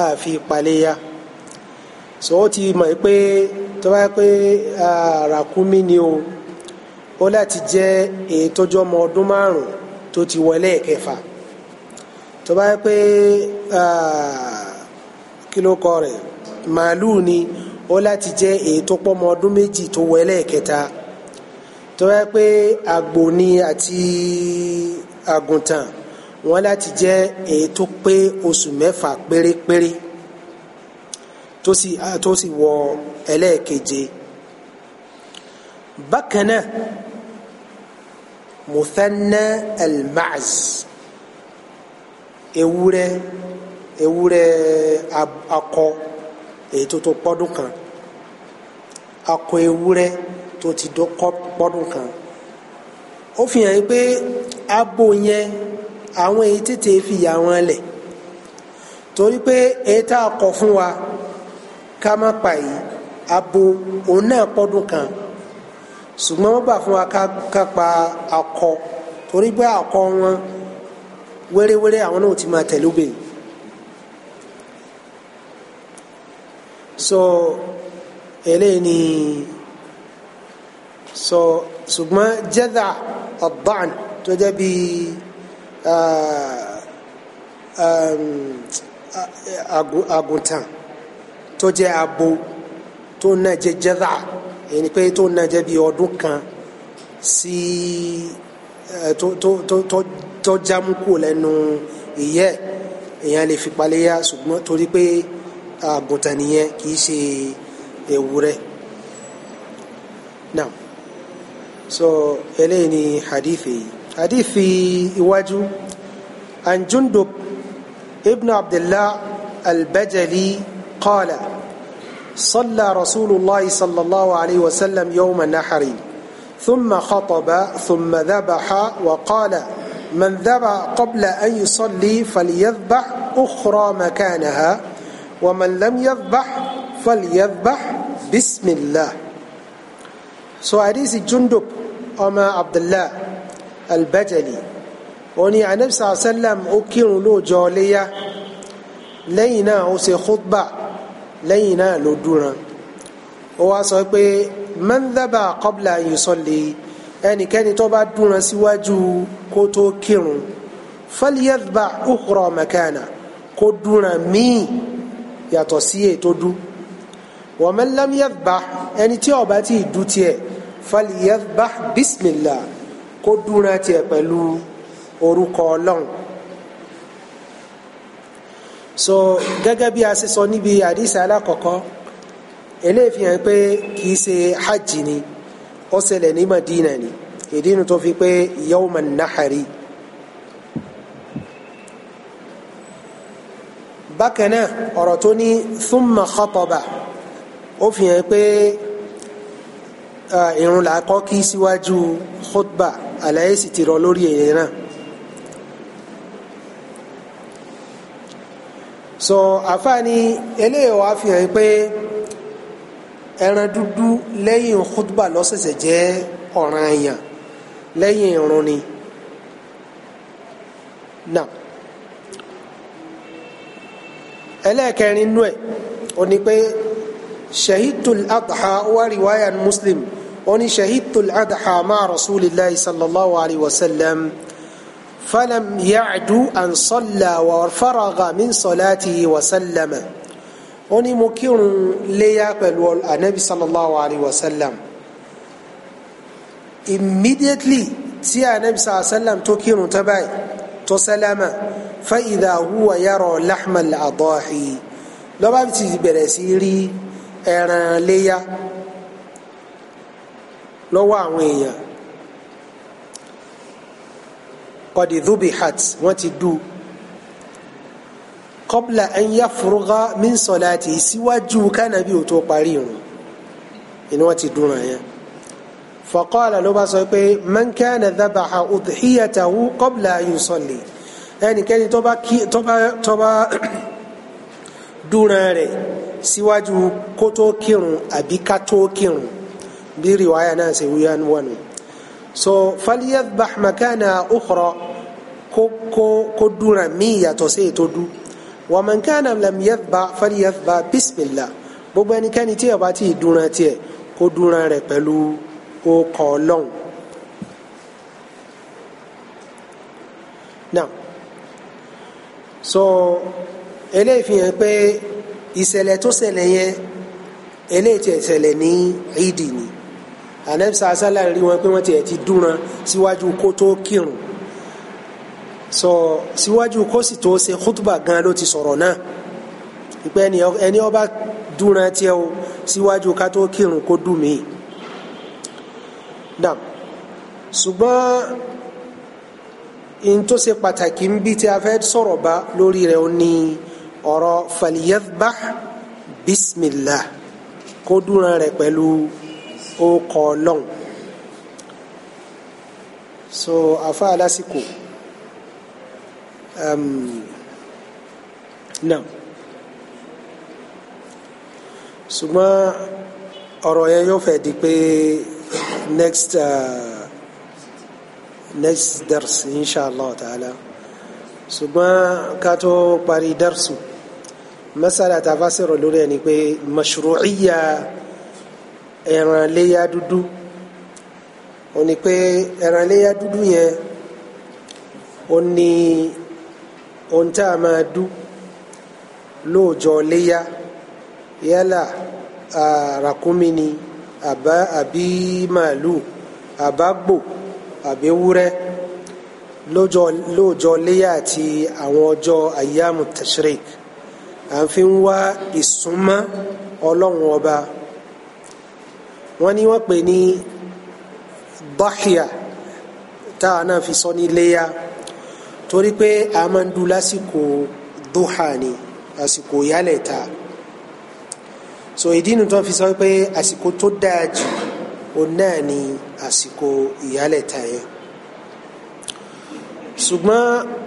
a paléya so ó ti mọ̀ pé tó bá pé ràkúnmí ni o ó láti jẹ́ èyí tó jọ ọmọ ọdún márùn tó ti wọlé ẹ̀kẹfà tó bá yẹ pé kí ló kọ rẹ̀ màálù ni ó láti jẹ́ èyí tó pọ́ ọmọ ọdún méjì tó wọlé ẹ̀kẹta tó yẹ pé àgbò ni àti àgùntàn wọn láti jẹ́ èyí tó pé oṣù mẹ́fà pérépéré tó sì tó sì wọ ẹlẹ́ẹ̀keje bákan náà. مثنى المعز ewúrẹ́ ewúrẹ́ akọ èyí tó tó pọ́dún kan akọ ewúrẹ́ tó ti dó pọ́dún kan ó fi hàn pé abo yẹn àwọn èyí tètè fi yà wọn lẹ̀ torí pé èyí tá a kọ fún wa ká má pa yìí abo òun náà pọ́dún kan ṣùgbọ́n wọ́n gbà fún wa ká pa akọ torí pé akọ wọn wéréwéré àwọn náà ti máa tẹ̀lé obìnrin so eléyìí ni so ṣùgbọ́n jẹ́dà ọ̀dọ́n tó jẹ́ bí àgùntàn tó jẹ́ abo tó náà jẹ́ jẹ́dà ẹni pé tó ná jẹ́ bí ọdún kan sí tó tó tó tó jámú kù lẹ́nu ìyẹ́ èèyàn lè fi paléyà ṣùgbọ́n torí pé àgùntàn nìyẹn kì í ṣe ewúrẹ́ now so eléyìí ni hadithi hadithi iwájú an ibn Abdullah al-Bajali qala. صلى رسول الله صلى الله عليه وسلم يوم النحر ثم خطب ثم ذبح وقال من ذبح قبل أن يصلي فليذبح أخرى مكانها ومن لم يذبح فليذبح بسم الله So hadith أما عبد الله البجلي وني عن نفسه سلم ó لو lóòjọ́ لينا lẹ́yìn خطبه lẹ́yìn náà ló dúran ó wá sọ pé man dhaba qabla an yusalli ẹnikẹ́ni tó bá dúran síwájú kó tó kírun falyadhba ukhra makana kó dúran míì yàtọ̀ sí ètò dú wa man lam yadhbah ẹni tí ó ti dú tiẹ̀ falyadhbah bismillah kó dúran tiẹ̀ pẹ̀lú orúkọ ọlọ́run so gẹ́gẹ́ bí a ṣe sọ níbi àdìsá alákọ̀ọ́kọ́ eléyìí fi hàn pé kì í ṣe hajj ni ó ṣẹlẹ̀ ní Madina ni ìdí inú tó fi pé yawman nahari. bákan náà ọ̀rọ̀ tó ní thumma khataba ó fi hàn pé ìrun làákọ́ kí síwájú khutba àlàyé sì ti rọ lórí èyí náà. so àfáàní eléyìí wàá fi hàn pé ẹran dúdú lẹ́yìn khutba lọ́sẹ̀sẹ̀ jẹ́ ọ̀ràn àyàn lẹ́yìn irun ni náà ẹlẹ́ẹ̀kẹrin nú ẹ̀ ó ní pé shahidul adha wa riwayan muslim ó ní shahidul adha ma rasulillahi sallallahu alayhi wa sallam. فلم يعد أن صلى وفرغ من صلاته وسلم أني مكير ليا بل النبي صلى الله عليه وسلم immediately tí anabi sàlá sàlám tó kírun tó báyìí tó sálámà fa idha huwa yara lahma al-adahi lọ́ba ti bẹ̀rẹ̀ sí rí ẹran léyà lọ́wọ́ àwọn èèyàn qad dhubihat wọ́n ti dú qabla an yafruga min salati síwájú kánàbí ò tó parí irun inú wọ́n ti dúnra yẹn faqala ló bá sọ pé man kana dhabaha udhiyatahu qabla an yusalli ẹnikẹ́ni tó bá tó bá <clears throat> dúnra rẹ̀ síwájú kó kírun àbí ká kírun bí rìwáyà náà ṣe wíyá wọnù so falyadhbah makana ukhra kó kó kó dúnra míì yàtọ̀ sí ètò dú wa man kana lam yadhbah falyadhbah bismillah gbogbo ẹnikẹ́ni tí ó ti dúnra tiẹ̀ kó dúnra rẹ̀ pẹ̀lú orúkọ Ọlọ́run. now so eléyìí fi hàn pé ìṣẹ̀lẹ̀ tó ṣẹlẹ̀ yẹn eléyìí ti ṣẹlẹ̀ ní ìdí ni anabi sàásàlà rí wọn pé wọ́n ti ẹ̀ ti dúnran síwájú kó tó kírun sọ síwájú kó sì tó ṣe kútùbà gan ló ti sọ̀rọ̀ náà ìpẹ́ ẹni ọba dúnran tiẹ̀ o síwájú ká tó kírun kó dùn mí. dam ṣùgbọ́n n tó ṣe pàtàkì ń bí tí a fẹ́ sọ̀rọ̀ bá lórí rẹ̀ ó ní ọ̀rọ̀ faliyadbah bismillah kó dúnran rẹ̀ pẹ̀lú ó kọ so afa alásìkò um, náà ṣùgbọ́n ọ̀rọ̀ yẹn yóò fẹ́ di pé next uh, next dars inshallah ta'ala ṣùgbọ́n ká tó darsu masala tá a ẹni pé mashru'iyya ẹran léyà dúdú ó ní pé ẹran léyà dúdú yẹn ó ní ohun tá a máa dú lóòjọ́ léyà yálà àràkúnmí ni àbá àbí màálù àbágbò àbẹ́wúrẹ́ lóòjọ́ lóòjọ́ léyà àti àwọn ọjọ́ àyàmù tashrik à ń fi ń wá ìsúnmọ́ ọlọ́run ọba wọ́n ní wọ́n pè ní dọ́kìá tá a náà fi sọ ní léyà torí pé a máa ń du lásìkò dúhà ni àsìkò yálẹ̀ ta so ìdí inú tó fi sọ pé àsìkò tó dáa jù òun náà ni àsìkò ìyálẹ̀ ta yẹn ṣùgbọ́n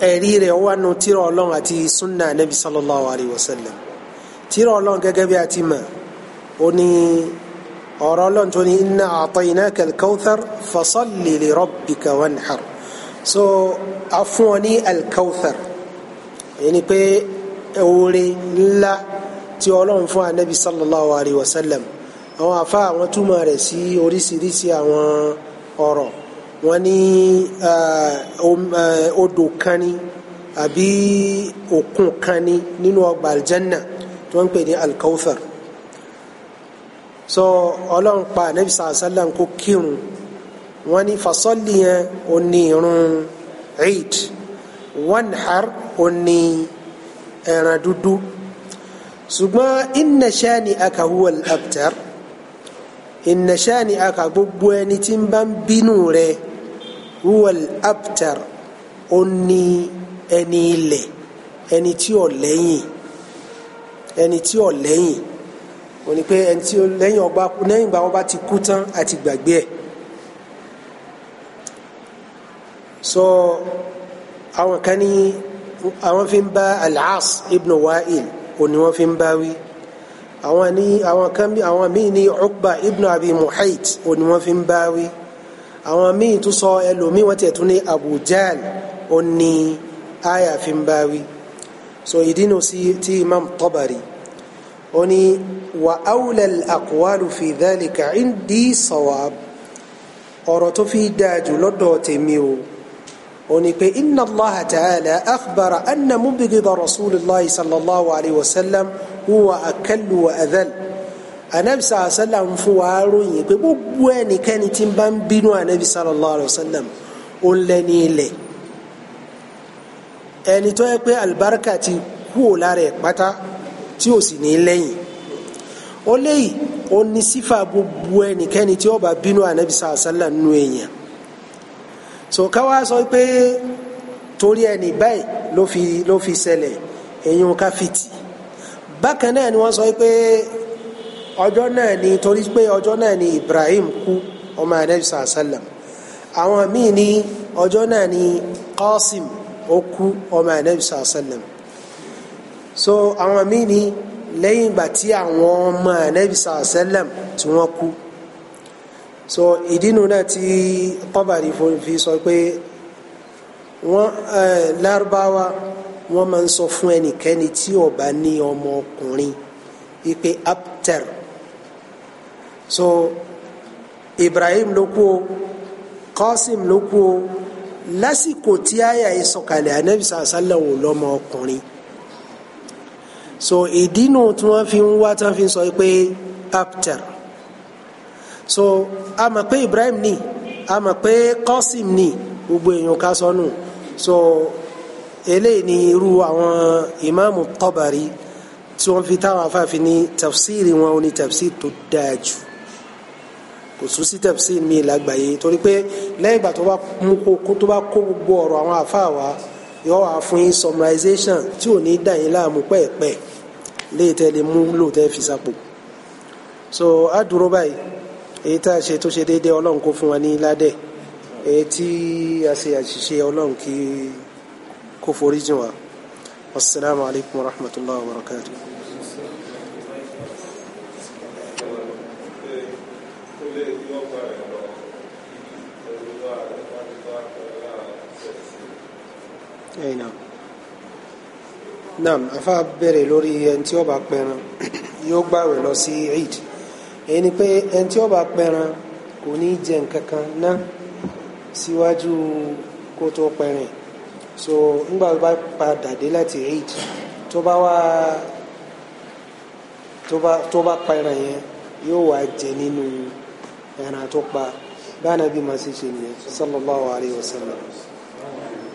ẹ̀rí rẹ̀ wà nù tírà ọlọ́run àti sunna nabi sallallahu alayhi wa sallam tírà ọlọ́run gẹ́gẹ́ bí a ti mọ̀ ó ní ọ̀rọ̀ ọlọ́run tó ní inna a'tainaka al-kawthar fasalli li rabbika wanhar so a fún ọ ní al-kawthar èyí ni pé oore ńlá tí ọlọ́run fún anabi sallallahu alayhi wa sallam àwọn afa àwọn túmọ̀ rẹ̀ sí oríṣiríṣi àwọn ọ̀rọ̀ wọn ní odò kan ní àbí òkun kan ní nínú ọgbà aljanna tí wọ́n ń pè ní al so ọlọ́run pa anabi sàlá sàlá kó kírun wọ́n ní fasọ́lì yẹn ó ní irun eid wanhar ó ní ẹran dúdú ṣùgbọ́n inna shani aka huwal abtar inna shani aka gbogbo ẹni tí ń bá ń bínú rẹ huwal abtar ó ní ẹni ilẹ̀ ẹni tí ò lẹ́yìn ẹni tí ò lẹ́yìn ó ní pé ẹni tí lẹ́yìn ọba lẹ́yìn ìgbà wọn bá ti kú tán àti gbàgbé ẹ̀ so àwọn kan ní àwọn fi ń bá Al-As ibn Wa'il òní wọn fi ń bá wí àwọn ní àwọn kan àwọn míì ní Uqba ibn Abi Muhayt òní wọn fi ń bá wí àwọn míì tún sọ ẹlòmíì wọn tiẹ̀ tún ní Abu òní àyà fi ń bá wí so ìdí nu sí ti Imam Tabari ó ní wà áwùlẹ̀l àkùwálù fi dhalika indi sawab ọ̀rọ̀ tó fi dáa jù lọ́dọ̀ tèmi o ó ní pé inna allah ta'ala akhbara anna mubghida rasulillah sallallahu alayhi wa sallam huwa akallu wa adhal anabi sallallahu alayhi wa sallam fún wa ròyìn pé gbogbo ẹnikẹ́ni tí ń bá ń bínú anabi sallallahu alayhi wa sallam ó lẹ́ni ilẹ̀ ẹni tó yẹ pé alibarika ti kú ò lára ẹ̀ pátá tí ò sì ní lẹ́yìn ó léyìí ó ní sífà gbogbo ẹnikẹ́ni tí ó bínú ànábì sàlá nínú èèyàn so káwá sọ pé torí ẹni báyìí ló fi ló fi ṣẹlẹ̀ èyàn ká bákan náà ni wọ́n sọ pé ọjọ́ náà ni torí pé ọjọ́ náà ni Ibrahim kú ọmọ ànábì sàlá sàlá àwọn míì ní ọjọ́ náà ni Qasim ó kú ọmọ ànábì sàlá so àwọn míì ní lẹ́yìn ìgbà tí àwọn ọmọ anabi sàlẹm tí wọ́n kú so ìdínú náà tí Tabari fi sọ pé wọ́n lárúbáwá wọ́n máa ń sọ fún ẹnikẹ́ni tí ó ní ọmọ wípé apter so Ibrahim ló kú o Qasim ló kú o lásìkò tí àyà ìsọ̀kalẹ̀ anabi sàlẹm wò lọ́mọ ọkùnrin so ìdínú tí wọ́n fi ń wá tí wọ́n fi ń sọ pé abtar so a mọ̀ pé Ibrahim ni a mọ̀ pé Qasim ni gbogbo èèyàn ká sọnù so eléyìí ni irú àwọn ìmáàmù Tabari tí wọ́n fi táwọn afáàfin ní tafsiri wọn ò ní tafsiri tó dáa jù kò sùn sí tẹ̀sí mi lágbàáyé torí pé lẹ́yìn ìgbà tó bá mú kókó tó bá kó gbogbo ọ̀rọ̀ àwọn àfáà wa yọ wá fún summarization tí ò ní dà yín láàmú pẹ́ẹ́pẹ́ẹ́ léyìí tẹ́ lè mú lò tẹ́ fi sapò so á dúró báyìí èyí tá a ṣe tó ṣe déédéé ọlọ́run kó fún wa ní ládẹ̀ èyí tí a ṣe àṣìṣe ọlọ́run kí kó forí jìn wá wasalaamu alaykum wa rahmatulahi wa barakatuh. Hey, no. naam afa bẹ̀rẹ̀ lórí ẹni tí ó bá pẹran yóò gbàwẹ̀ lọ sí eid ni pé ẹni tí ó bá pẹran kò so ńgbà tó bá padà dé láti eid tó bá wá tó bá pẹran yẹn yóò wá jẹ nínú ẹran tó pa bá nàbí màá sì ṣe nìyẹn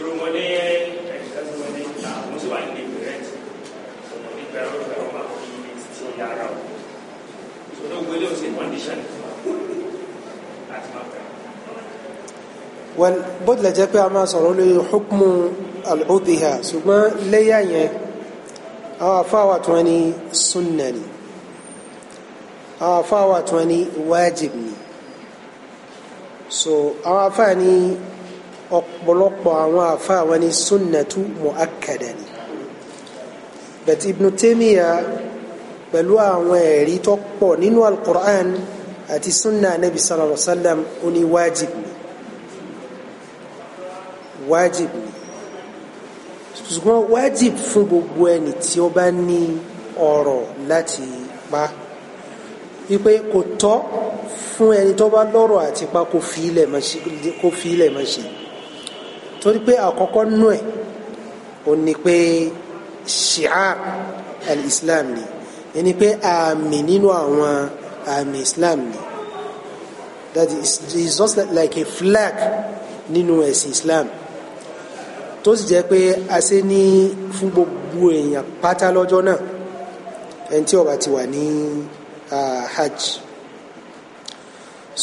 irú eh, wọn ní ẹ̀ẹ́dẹ́gbẹ̀rún tí wọ́n ní ta wọ́n sì wá ní ìbẹ̀rẹ̀tì ọmọ nígbà ọ̀rọ̀ ọmọ àfihàn ti ara wọn ìṣòro gbélé ò sí condition láti máa bẹ̀rẹ̀. wọ́n bó tilẹ̀ jẹ́ pé a máa sọ̀rọ̀ lórí hukmu al-udhiha ṣùgbọ́n léyà yẹn àwọn afáwà tí wọ́n ní sunna ni àwọn afáwà tí wọ́n ní wájib ni so àwọn afáà ní ọ̀pọ̀lọpọ̀ àwọn àfa àwọn ni sunnatu mu'akkada ni but ibn taymiya pẹ̀lú àwọn ẹ̀rí tó pọ̀ nínú al-Qur'an àti sunna anabi sallallahu alayhi wa sallam ó ní wájib ni wájib ni ṣùgbọ́n wájib fún gbogbo ẹni tí ó bá ní ọ̀rọ̀ láti pa wípé kò tọ́ fún ẹni tó bá lọ́rọ̀ àti pa kò fi ilẹ̀ mọ́ ṣe torí pé àkọ́kọ́ nú ẹ̀ ó ní pé shi'ar al-islam ni ẹni pé àmì nínú àwọn àmì islam ni that is just like a flag nínú ẹ̀sìn islam tó sì jẹ́ pé a ṣe ní fún gbogbo èèyàn pátá lọ́jọ́ náà ẹni tí ó ti wà ní ah, hajj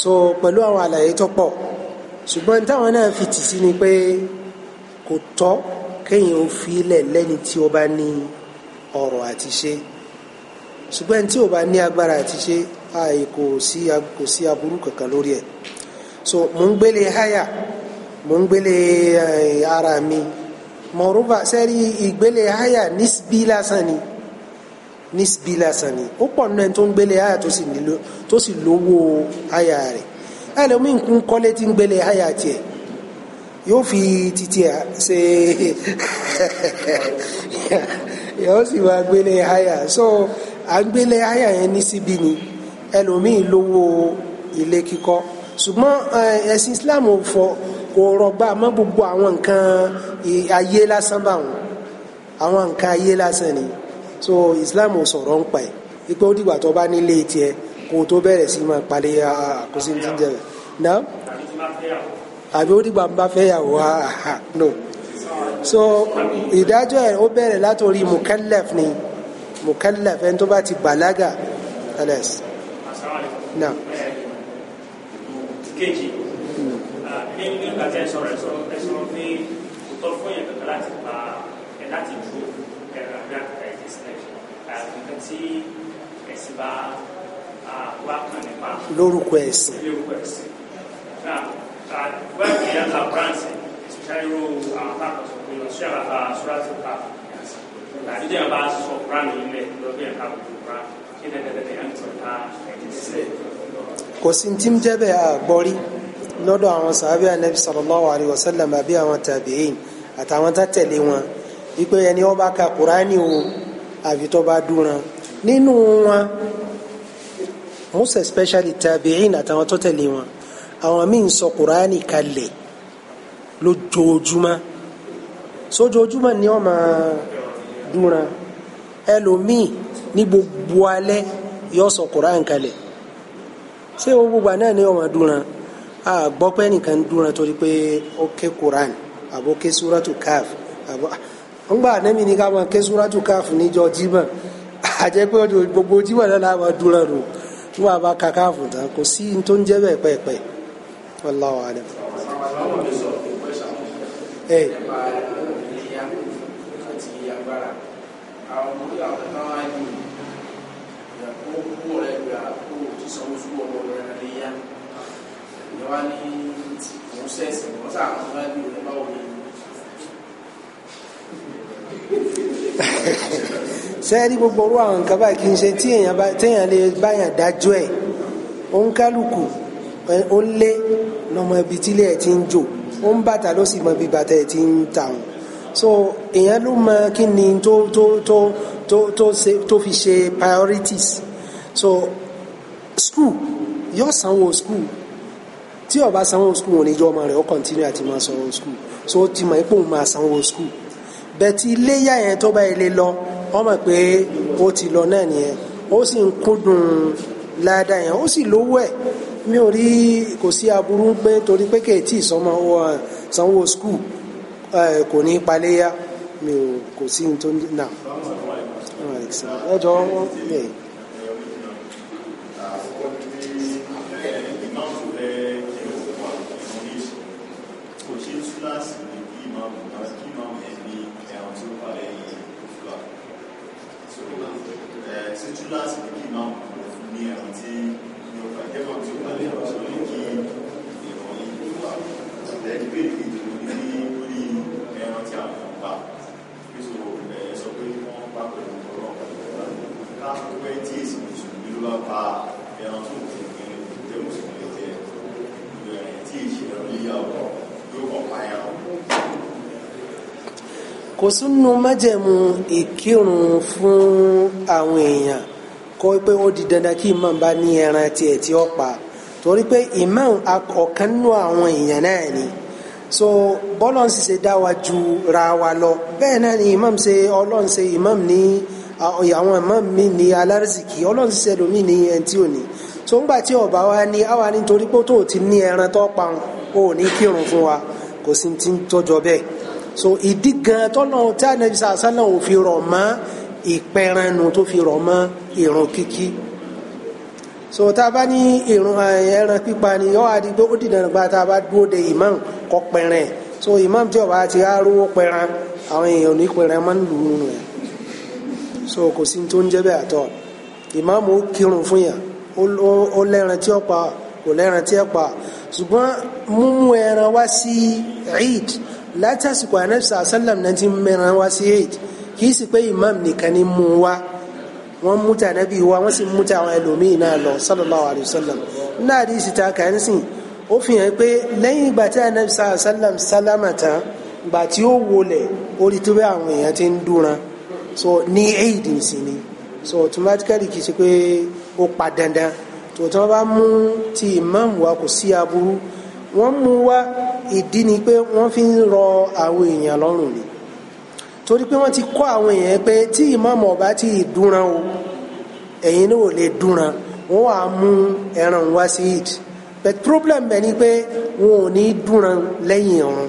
so pẹ̀lú àwọn àlàyé tó pọ̀ ṣùgbọ́n táwọn náà fi tì sí ni pé kò tọ́ kéèyàn ó fi ilẹ̀ lẹ́ni tí ó bá ní ọ̀rọ̀ àti ṣe ṣùgbọ́n tí ó bá ní agbára àti ṣe àì kò sí kò sí aburú kankan lórí ẹ̀ so mò ń gbélé háyà mò ń gbélé eh, ara mi mọ̀rúbà sẹ́rí ìgbélé háyà nísbí lásán ni nísbí lásán ni ó pọ̀ nínú tó ń gbélé háyà tó sì lówó háyà rẹ̀ ẹlòmíì ń kọ́lé tí ń gbélé háyà tiẹ̀ yóò fi titi ẹ ṣe <laughs> yóò sì wá gbélé háyà so àgbélé háyà yẹn ní síbí ni ẹlòmíì lówó ilé kíkọ́ ṣùgbọ́n eh, ẹ̀sìn Islam fọ kò rọgbà mọ́ gbogbo àwọn nǹkan ayé lásán báwọn àwọn nǹkan ayé lásán ni so Islam sọ̀rọ̀ ń pa ẹ̀ ipò ó dìgbà tó bá nílé tiẹ̀ kó tó bẹ̀rẹ̀ sí máa palẹ̀ àkóso ní jíjẹ rẹ̀ náà àbí ó dìgbà ń bá fẹ́ yàwó àhà no so ìdájọ́ ẹ̀ ó bẹ̀rẹ̀ látòrí mukallaf ni mukallaf ẹni tó bá ti bàlágà ls náà. kejì ní nígbà tí ẹ sọ̀rọ̀ ẹ sọ̀rọ̀ ẹ sọ̀rọ̀ pé kò tọ́ fún yẹn kankan láti pa ẹ láti dúró ẹ̀rọ àbí àkàtà ìdí sílẹ̀ àbíkan tí ẹ̀sìn bá wá kàn nípa. lórúkọ ẹ̀sìn. lórúkọ ẹ̀sìn. náà wọ́n ti yàtọ̀ àbúránsì ìṣàyẹ̀wò àwọn tákọ̀sọ̀ pé ọ̀ṣẹ́ bàbá aṣọ́ráṣẹ́ ká tàbí jẹ́ bá sọ kúránì ilẹ̀ lọ́bí ẹ̀ka gbogbo kúránì kí lẹ́dẹ̀ẹ́dẹ̀ ẹ̀ ń tọ́ ta ẹ̀jẹ̀ sílẹ̀. kò sí ti ń jẹ́ bẹ́ẹ̀ àgbọ́rí lọ́dọ̀ àwọn sàábì ànábì sallallahu alayhi wa sallam àbí àwọn tàbíyìn àtàwọn tátẹ̀lé wọn wípé ẹni ó bá ka kúránì o àbí tó bá dúran nínú wọn most especially tabi'in àtàwọn tó tẹ̀lé wọn àwọn míì ń sọ kuraani kalẹ̀ lójoojúmọ́ sójoojúmọ́ ni wọ́n máa dúnra ẹlòmíì ní gbogbo alẹ́ yọ sọ kuraani kalẹ̀ ṣé o gbogbo àná ni wọ́n máa dúnra a gbọ́ pé nìkan dúnra torí pé ó ké kuraani àbó ké suratu kaf àbó ń gbà nẹ́mi ni ká máa ké suratu kaf níjọ́ jímọ̀ àjẹpẹ́ <laughs> gbogbo jímọ̀ náà la dúnra rò. tí wàá bá ka káàfù tán kò sí tó ń jẹ́ bẹ́ẹ̀ pẹ́ẹ́pẹ́ wallahu alam. ẹ Thank <laughs> sẹ́ẹ̀rí gbogbo orú àwọn nǹkan báyìí kì í ṣe tí èèyàn bá téèyàn lè báyàn dájọ́ ẹ̀ ó ń kálukú ó ń lé lọ́mọ ibi tílé ẹ̀ ti ń jò ó ń bàtà ló sì mọ ibi bàtà ẹ̀ ti ń tà wọn so èèyàn ló mọ kí ni tó tó tó tó tó ṣe tó fi ṣe priorities so school yóò sanwó school tí ó bá sanwó school wọn níjọ ọmọ rẹ̀ ó continue àti máa sanwó school so ó ti mọ ipò òun máa sanwó school bẹ́ẹ̀ tí iléyà yẹn tó bá ilé lọ wọ́n mọ̀ pé ó ti lọ náà nìyẹn ó sì ń kúndùn ládàá yẹn ó sì lówó ẹ̀ mi ò rí kò sí aburú pé torí pé kéètì sọmọ sanwó skul kò ní paléyà mi ò kò sí ní tó ń dì ẹ jọ wọn. kíláàsì ní kí máa kò fún ní ẹ̀rọ tí yóò gbà jẹ́mọ̀ tí ó bá lè rọ̀ sórí kí ìrọ̀ yìí wà lẹ́yìn pé ìdìbò ní ní orí ẹ̀rọ tí àwọn kan pa pèsè ẹ̀ sọ pé wọ́n pa pẹ̀lú ọ̀rọ̀ láti pẹ́ tí èsì mùsùlùmí ló bá pa ẹ̀rọ tó ń fi pé jẹ́ jẹ́ ìbẹ̀rẹ̀ tí ìṣẹ̀lẹ̀ yíyá ọ̀rọ̀ yóò kọ̀ pa ẹ̀rọ kò sínú májẹ̀mú ìkírun fún àwọn èèyàn kọ́ pé ó di dandan kí imam bá ní ẹran tiẹ̀ tí ó pa torí pé imam ọ̀kan nínú àwọn èèyàn náà ni so bọ́lọ̀ ń ṣiṣẹ́ dá wa ju ra wa lọ bẹ́ẹ̀ náà ni imam ṣe ọlọ́run ṣe imam ní àwọn imam mi ní alárìsìkì ọlọ́run ṣiṣẹ́ lomi ní ẹni tí ò ní so ńgbà tí ọba wa ní àwa nítorí pé tó ti ní ẹran tó pa ò ní kírun fún wa kò sí ti ń tọjọ bẹ́ẹ̀ so ìdí gan tọ́nà tí ànábì sàásánà òfin rọ̀ mọ́ ìpẹranu tó fi rọ̀ mọ́ ìrun kíkí so tá a bá ní ìrun ẹran pípa ni yọ àdìgbò ó dìdàn gba tá bá dúró de imam kọ pẹran so imam tí ọba ti á rówó pẹran àwọn èèyàn ní pẹran máa ń lù ú rẹ so kò sí tó ń jẹ́ bẹ́ẹ̀ àtọ imam ó kírun fún yàn ó lẹ́ran tí ó pa kò lẹ́ran tí ó pa ṣùgbọ́n múmú ẹran wá sí eid látàsìkò anabi sàlám náà ti mẹ́ran wá sí eid kìí sì pé imam nìkan ni mú wa wọ́n mú ta nàbí wa wọ́n sì mú ta àwọn ẹlòmíì náà lọ sallallahu alayhi wa sallam náà di ìsìta kàn ó fi hàn pé lẹ́yìn ìgbà tí anabi sallam sálámà tán ìgbà tí ó wọlé orí tó bẹ́ àwọn èèyàn ti ń dúnra so ní eid sí ni so automatically kìí ṣe pé ó pa dandan tó tí wọ́n bá mú ti imam wa kò sí aburú wọ́n mú wa ìdí ni pé wọ́n fi ń rọ àwọn èèyàn lọ́rùn ni torí pé wọ́n ti kọ́ àwọn èèyàn pé tí ìmáàmù ọba ti dúnran o ẹ̀yin náà ò lè dúnran wọ́n wàá mú ẹran wá sí id but problem bẹ̀ ni pé wọn ò ní dúnran lẹ́yìn ọ̀run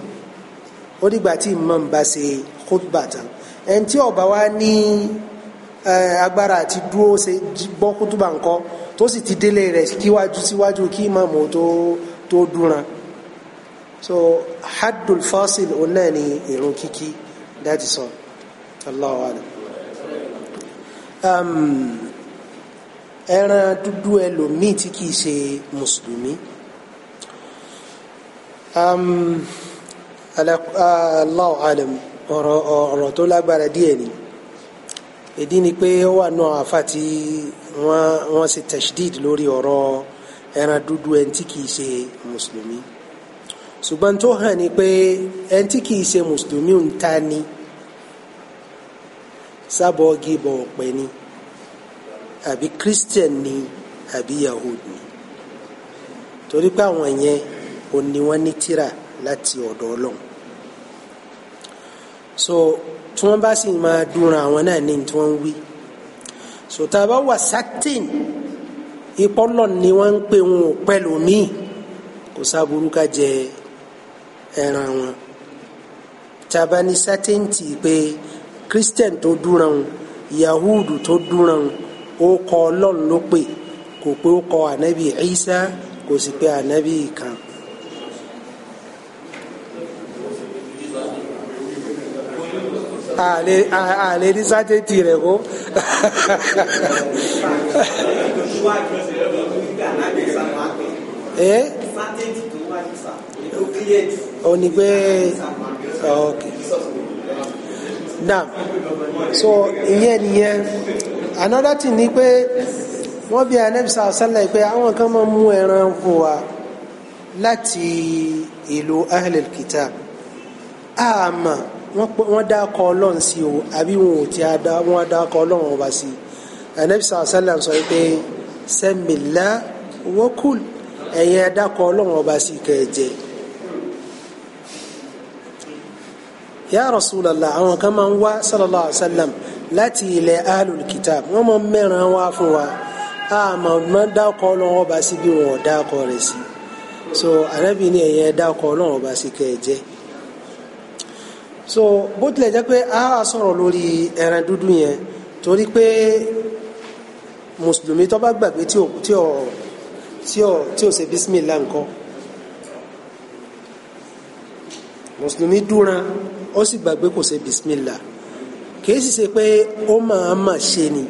ó dìgbà tí ìmáàmù bá ṣe khutbah tán ẹni tí ọba wa ní agbára àti dúró ṣe gbọ́ khutbah ńkọ́ tó sì ti délé rẹ̀ kíwájú síwájú kí ìmáàmù tó dúnran so hadul fasil ọ̀nà ni ìrun kíkí. That is all. Allahu Alam. Um, ẹran dúdú ẹlòmíì tí kìí ṣe mùsùlùmí. Um, Allahu Alam ọ̀rọ̀ tó lágbára díẹ̀ ni. ìdí ni pé ó wà náà àfa tí wọ́n ṣe tashdid lórí ọ̀rọ̀ ẹran dúdú ẹni tí kìí ṣe mùsùlùmí ṣùgbọ́n tó hàn ni pé ẹni tí kìí ṣe mùsùlùmí ń ta ni sábọ́ọ̀gì bọ̀wọ̀ pẹ̀ ni àbí christian ni àbí yahudi ni torí pé àwọn yẹn ò ní wọ́n ní tírà láti ọ̀dọ̀ ọlọ́run so tí wọ́n bá sì máa dúnra àwọn náà ní tí wọ́n ń wí so tá a bá wà sátìn ipọ́lọ̀ ni wọ́n ń pè wọn pẹ̀lú míì kò sábúrú ká jẹ́ ẹ ẹran wọn taba ni sátẹ́ǹtì pé christian tó dúnra wọn yahudu tó dúnra wọn ó kọ ọlọ́run ló pè kò pé ó kọ ànábì Isa kò sì pé ànábì kan. àlè ní sátẹ́ǹtì rẹ̀ kó. ẹ. <laughs> Eh? sátẹ́ǹtì tó wájú sá ètò kílíẹ̀tì ó ní ah, ok now so ìyẹn nìyẹn another thing ni pé wọ́n bí anabisa ọ̀sánlẹ̀ pé àwọn kan máa mú ẹran fún wa láti ìlú ahlil kitab àmà wọ́n dá ọkọ̀ ọlọ́run sí o àbí wọn ò ti wọ́n dá ọkọ̀ ọlọ́run ọba sí anabisa ọ̀sánlẹ̀ sọ pé sẹ́mìlá wọ́kùl ẹ̀yẹ dákọ̀ ọlọ́run ọba sí kẹ̀jẹ̀ ya rasulallah àwọn kan máa ń wá sallallahu alayhi wa sallam láti ilẹ̀ ahlul kitab wọ́n máa ń mẹ́ran wá fún wa àmọ́ máa dákọ̀ ọlọ́run ọba sí bí wọn dákọ̀ rẹ̀ sí so ànábì ní ẹ̀yẹ dákọ̀ ọlọ́run ọba sí kẹ́ ẹ jẹ́ so bó tilẹ̀ jẹ́ pé a sọ̀rọ̀ lórí ẹran dúdú yẹn torí pé mùsùlùmí tó bá gbàgbé tí ò tí ò tí ò tí ò ṣe bísímìlá nǹkan mùsùlùmí dúran ó sì gbàgbé kò ṣe bisimilá kìí sì ṣe pé ó máa mà ṣe ni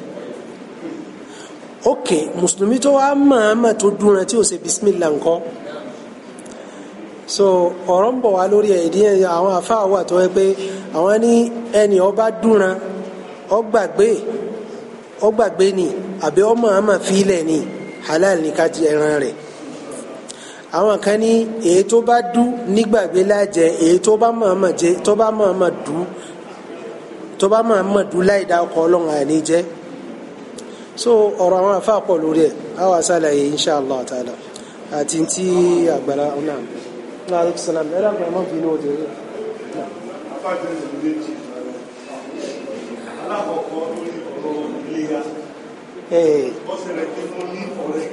ok mùsùlùmí tó wá máa mà tó dúnra tí ò ṣe bisimilá nǹkan so ọ̀rọ̀ ń bọ̀ wá lórí ẹ̀dí àwọn àfáà wà tó yẹ pé àwọn ní ẹni ọba dúnra ó gbàgbé ó gbàgbé ni àbí ó máa mà fílẹ̀ ni halal ni ká jẹ ẹran rẹ̀ àwọn kan ní èyí tó bá dú nígbàgbé lájẹ èyí tó bá mọ̀ọ́mọ̀ jẹ tó bá mọ̀ọ́mọ̀ dú tó bá mọ̀ọ́mọ̀ dú láì dá ọkọ̀ ọlọ́run àní jẹ́ so ọ̀rọ̀ àwọn afa pọ̀ lórí ẹ̀ àwọn asálàyé inshàlá ta'ala àti ti àgbàlá ọ̀nà náà aleykum salaam ẹ̀rọ àgbàlá mọ̀ bínú òde rẹ̀. alákọ̀ọ́kọ́ lórí ọ̀rọ̀ ìlera ọ̀sẹ̀ rẹ̀ tí mo ní ọ̀rẹ́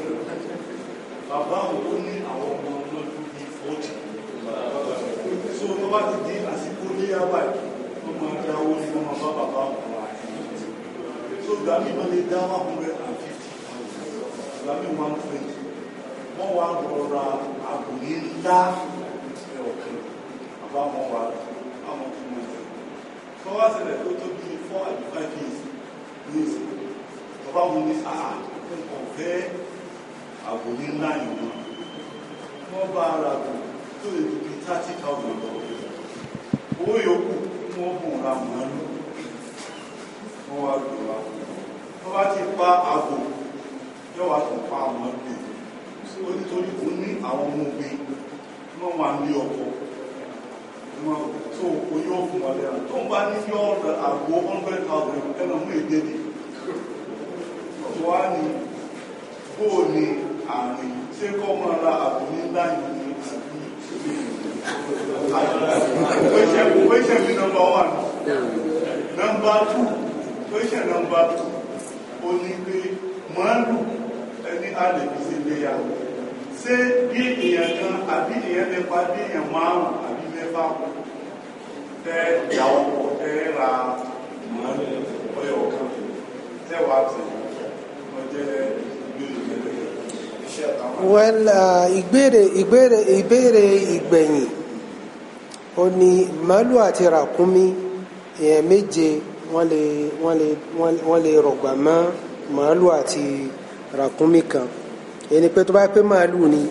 bàbá òun ní àwọn. bá ti di àsìkò ní yàrá tó máa da owó ní ọmọ bá bàbá ọkọ àti tó gbà mí wọn lè dá one hundred and fifty gbà mí one twenty wọn wá rọra àbòyé ńlá ẹ ọkẹ bàbá wọn wá àwọn tó mọ ẹ tó wá sílẹ̀ tó tó bí four and five years ní ìsìn bàbá wọn ní ah, ah, àà nǹkan fẹ́ ńlá yìí wọn bá ara bò tó lè dùn bí thirty thousand dollars owó yòókù wọ́n bùn ra màálù wọ́n wá lò wá wọ́n bá ti pa àgbò yọ́wà tó pa màálù sí o nítorí o ní àwọn ọmọ ogun wọ́n wà ní ọkọ̀ tó o yóò fún wa lẹ́yìn tó ń bá ní yọ ọ̀rọ̀ àgbò hundred thousand ẹnu mú èdè ni ọ̀tọ̀ wá ní ni àmì ṣé kọ́ máa ra àgbò ní láyìn question, question number one. Number two, question number two, ó ní pé màálù ẹni a lè fi ṣe léyà. Ṣé bí èèyàn kan àbí èèyàn mẹ́fà bí èèyàn márùn-ún àbí mẹ́fà well uh, ìgbèrè ìgbèrè ìbéèrè ìgbẹ̀yìn ó ní màálù àti ràkúnmí èèyàn méje wọ́n lè wọ́n lè wọ́n lè rọ̀gbà mọ́ màálù àti ràkúnmí kan ẹni pé tó bá pé màálù ni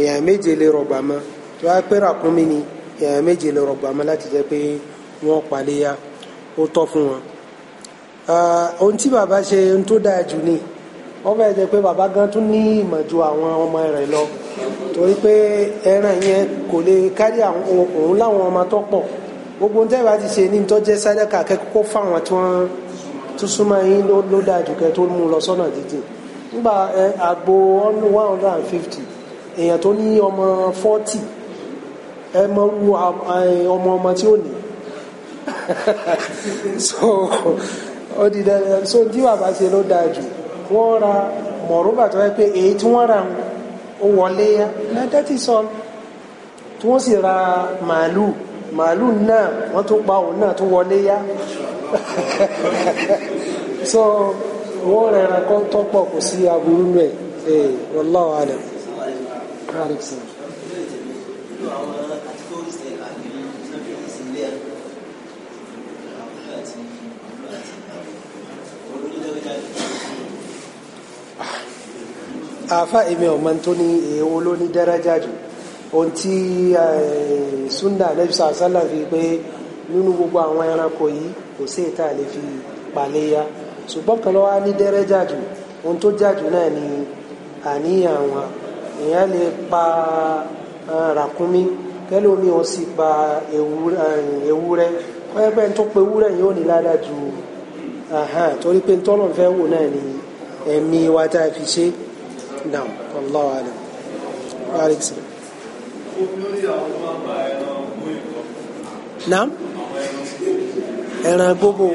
èèyàn méje lè rọ̀gbà mọ́ tó bá pé ràkúnmí ni èèyàn méje lè rọ̀gbà mọ́ láti jẹ́ pé wọ́n paléyà ó tọ́ fún wọn. Uh, ohun tí bàbá ṣe ń tó dáa jù ni wọ́n fẹ́ jẹ́ pé bàbá gan tún ní ìmọ̀ ju àwọn ọmọ rẹ̀ lọ torí pé ẹran yẹn kò lè kárí òun láwọn ọmọ tó pọ̀ gbogbo ohun tẹ́wàá ti ṣe ní tó jẹ́ sàdákà kẹ́kọ́ fáwọn tí wọ́n tún súnmọ́ yín ló dáa jù kẹ́ tó mú lọ sọ́nà dídì nígbà àgbo one hundred and fifty èèyàn tó ní ọmọ forty ẹ mọ wu ọmọ ọmọ tí ó ní <laughs> so ó di dandan so tí bàbá ṣe ló dáa jù. wọ́n ra mọ̀rúbà tó pé èyí tí wọ́n ra ó wọlé yá náà dẹ́tí sọ tí wọ́n sì ra màálù màálù náà wọ́n tó pa òun náà tó wọlé yá <laughs> so wọ́n rẹ̀ kọ́ tọ́pọ̀ kò sí aburú nù ẹ̀ eh, wallahu alam. Alexander. Afa èmi ọ̀mọ tó ní èèwọ̀ eh, ló ní dẹ́rẹ́jà jù ohun tí eh, sunna anabi sàlá fi pé nínú gbogbo àwọn ẹranko yìí kò sí ìta lè fi paléyà ṣùgbọ́n kan lọ́wọ́ ní dẹ́rẹ́jà jù ohun tó jàjù náà ni àníyàn wọn èèyàn lè pa eh, ràkúnmí kẹ́lẹ́ omi sì pa ewúrẹ́ pẹ́ẹ́pẹ́ tó pe ewúrẹ́ yìí ó ní ládàá ju torí pé tọ́lọ̀ fẹ́ wò náà ni ẹ̀mí wa tá a fi ṣe é. نعم والله أعلم وعليك السلام نعم ẹran بوبو.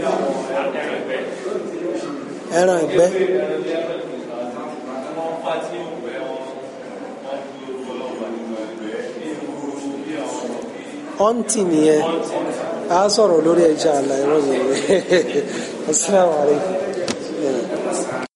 ẹran ìgbẹ́ ọ̀ǹtì nìyẹn a sọ̀rọ̀ lórí ẹja àlàyé wọ́n yẹn <laughs> assalamu alaikum.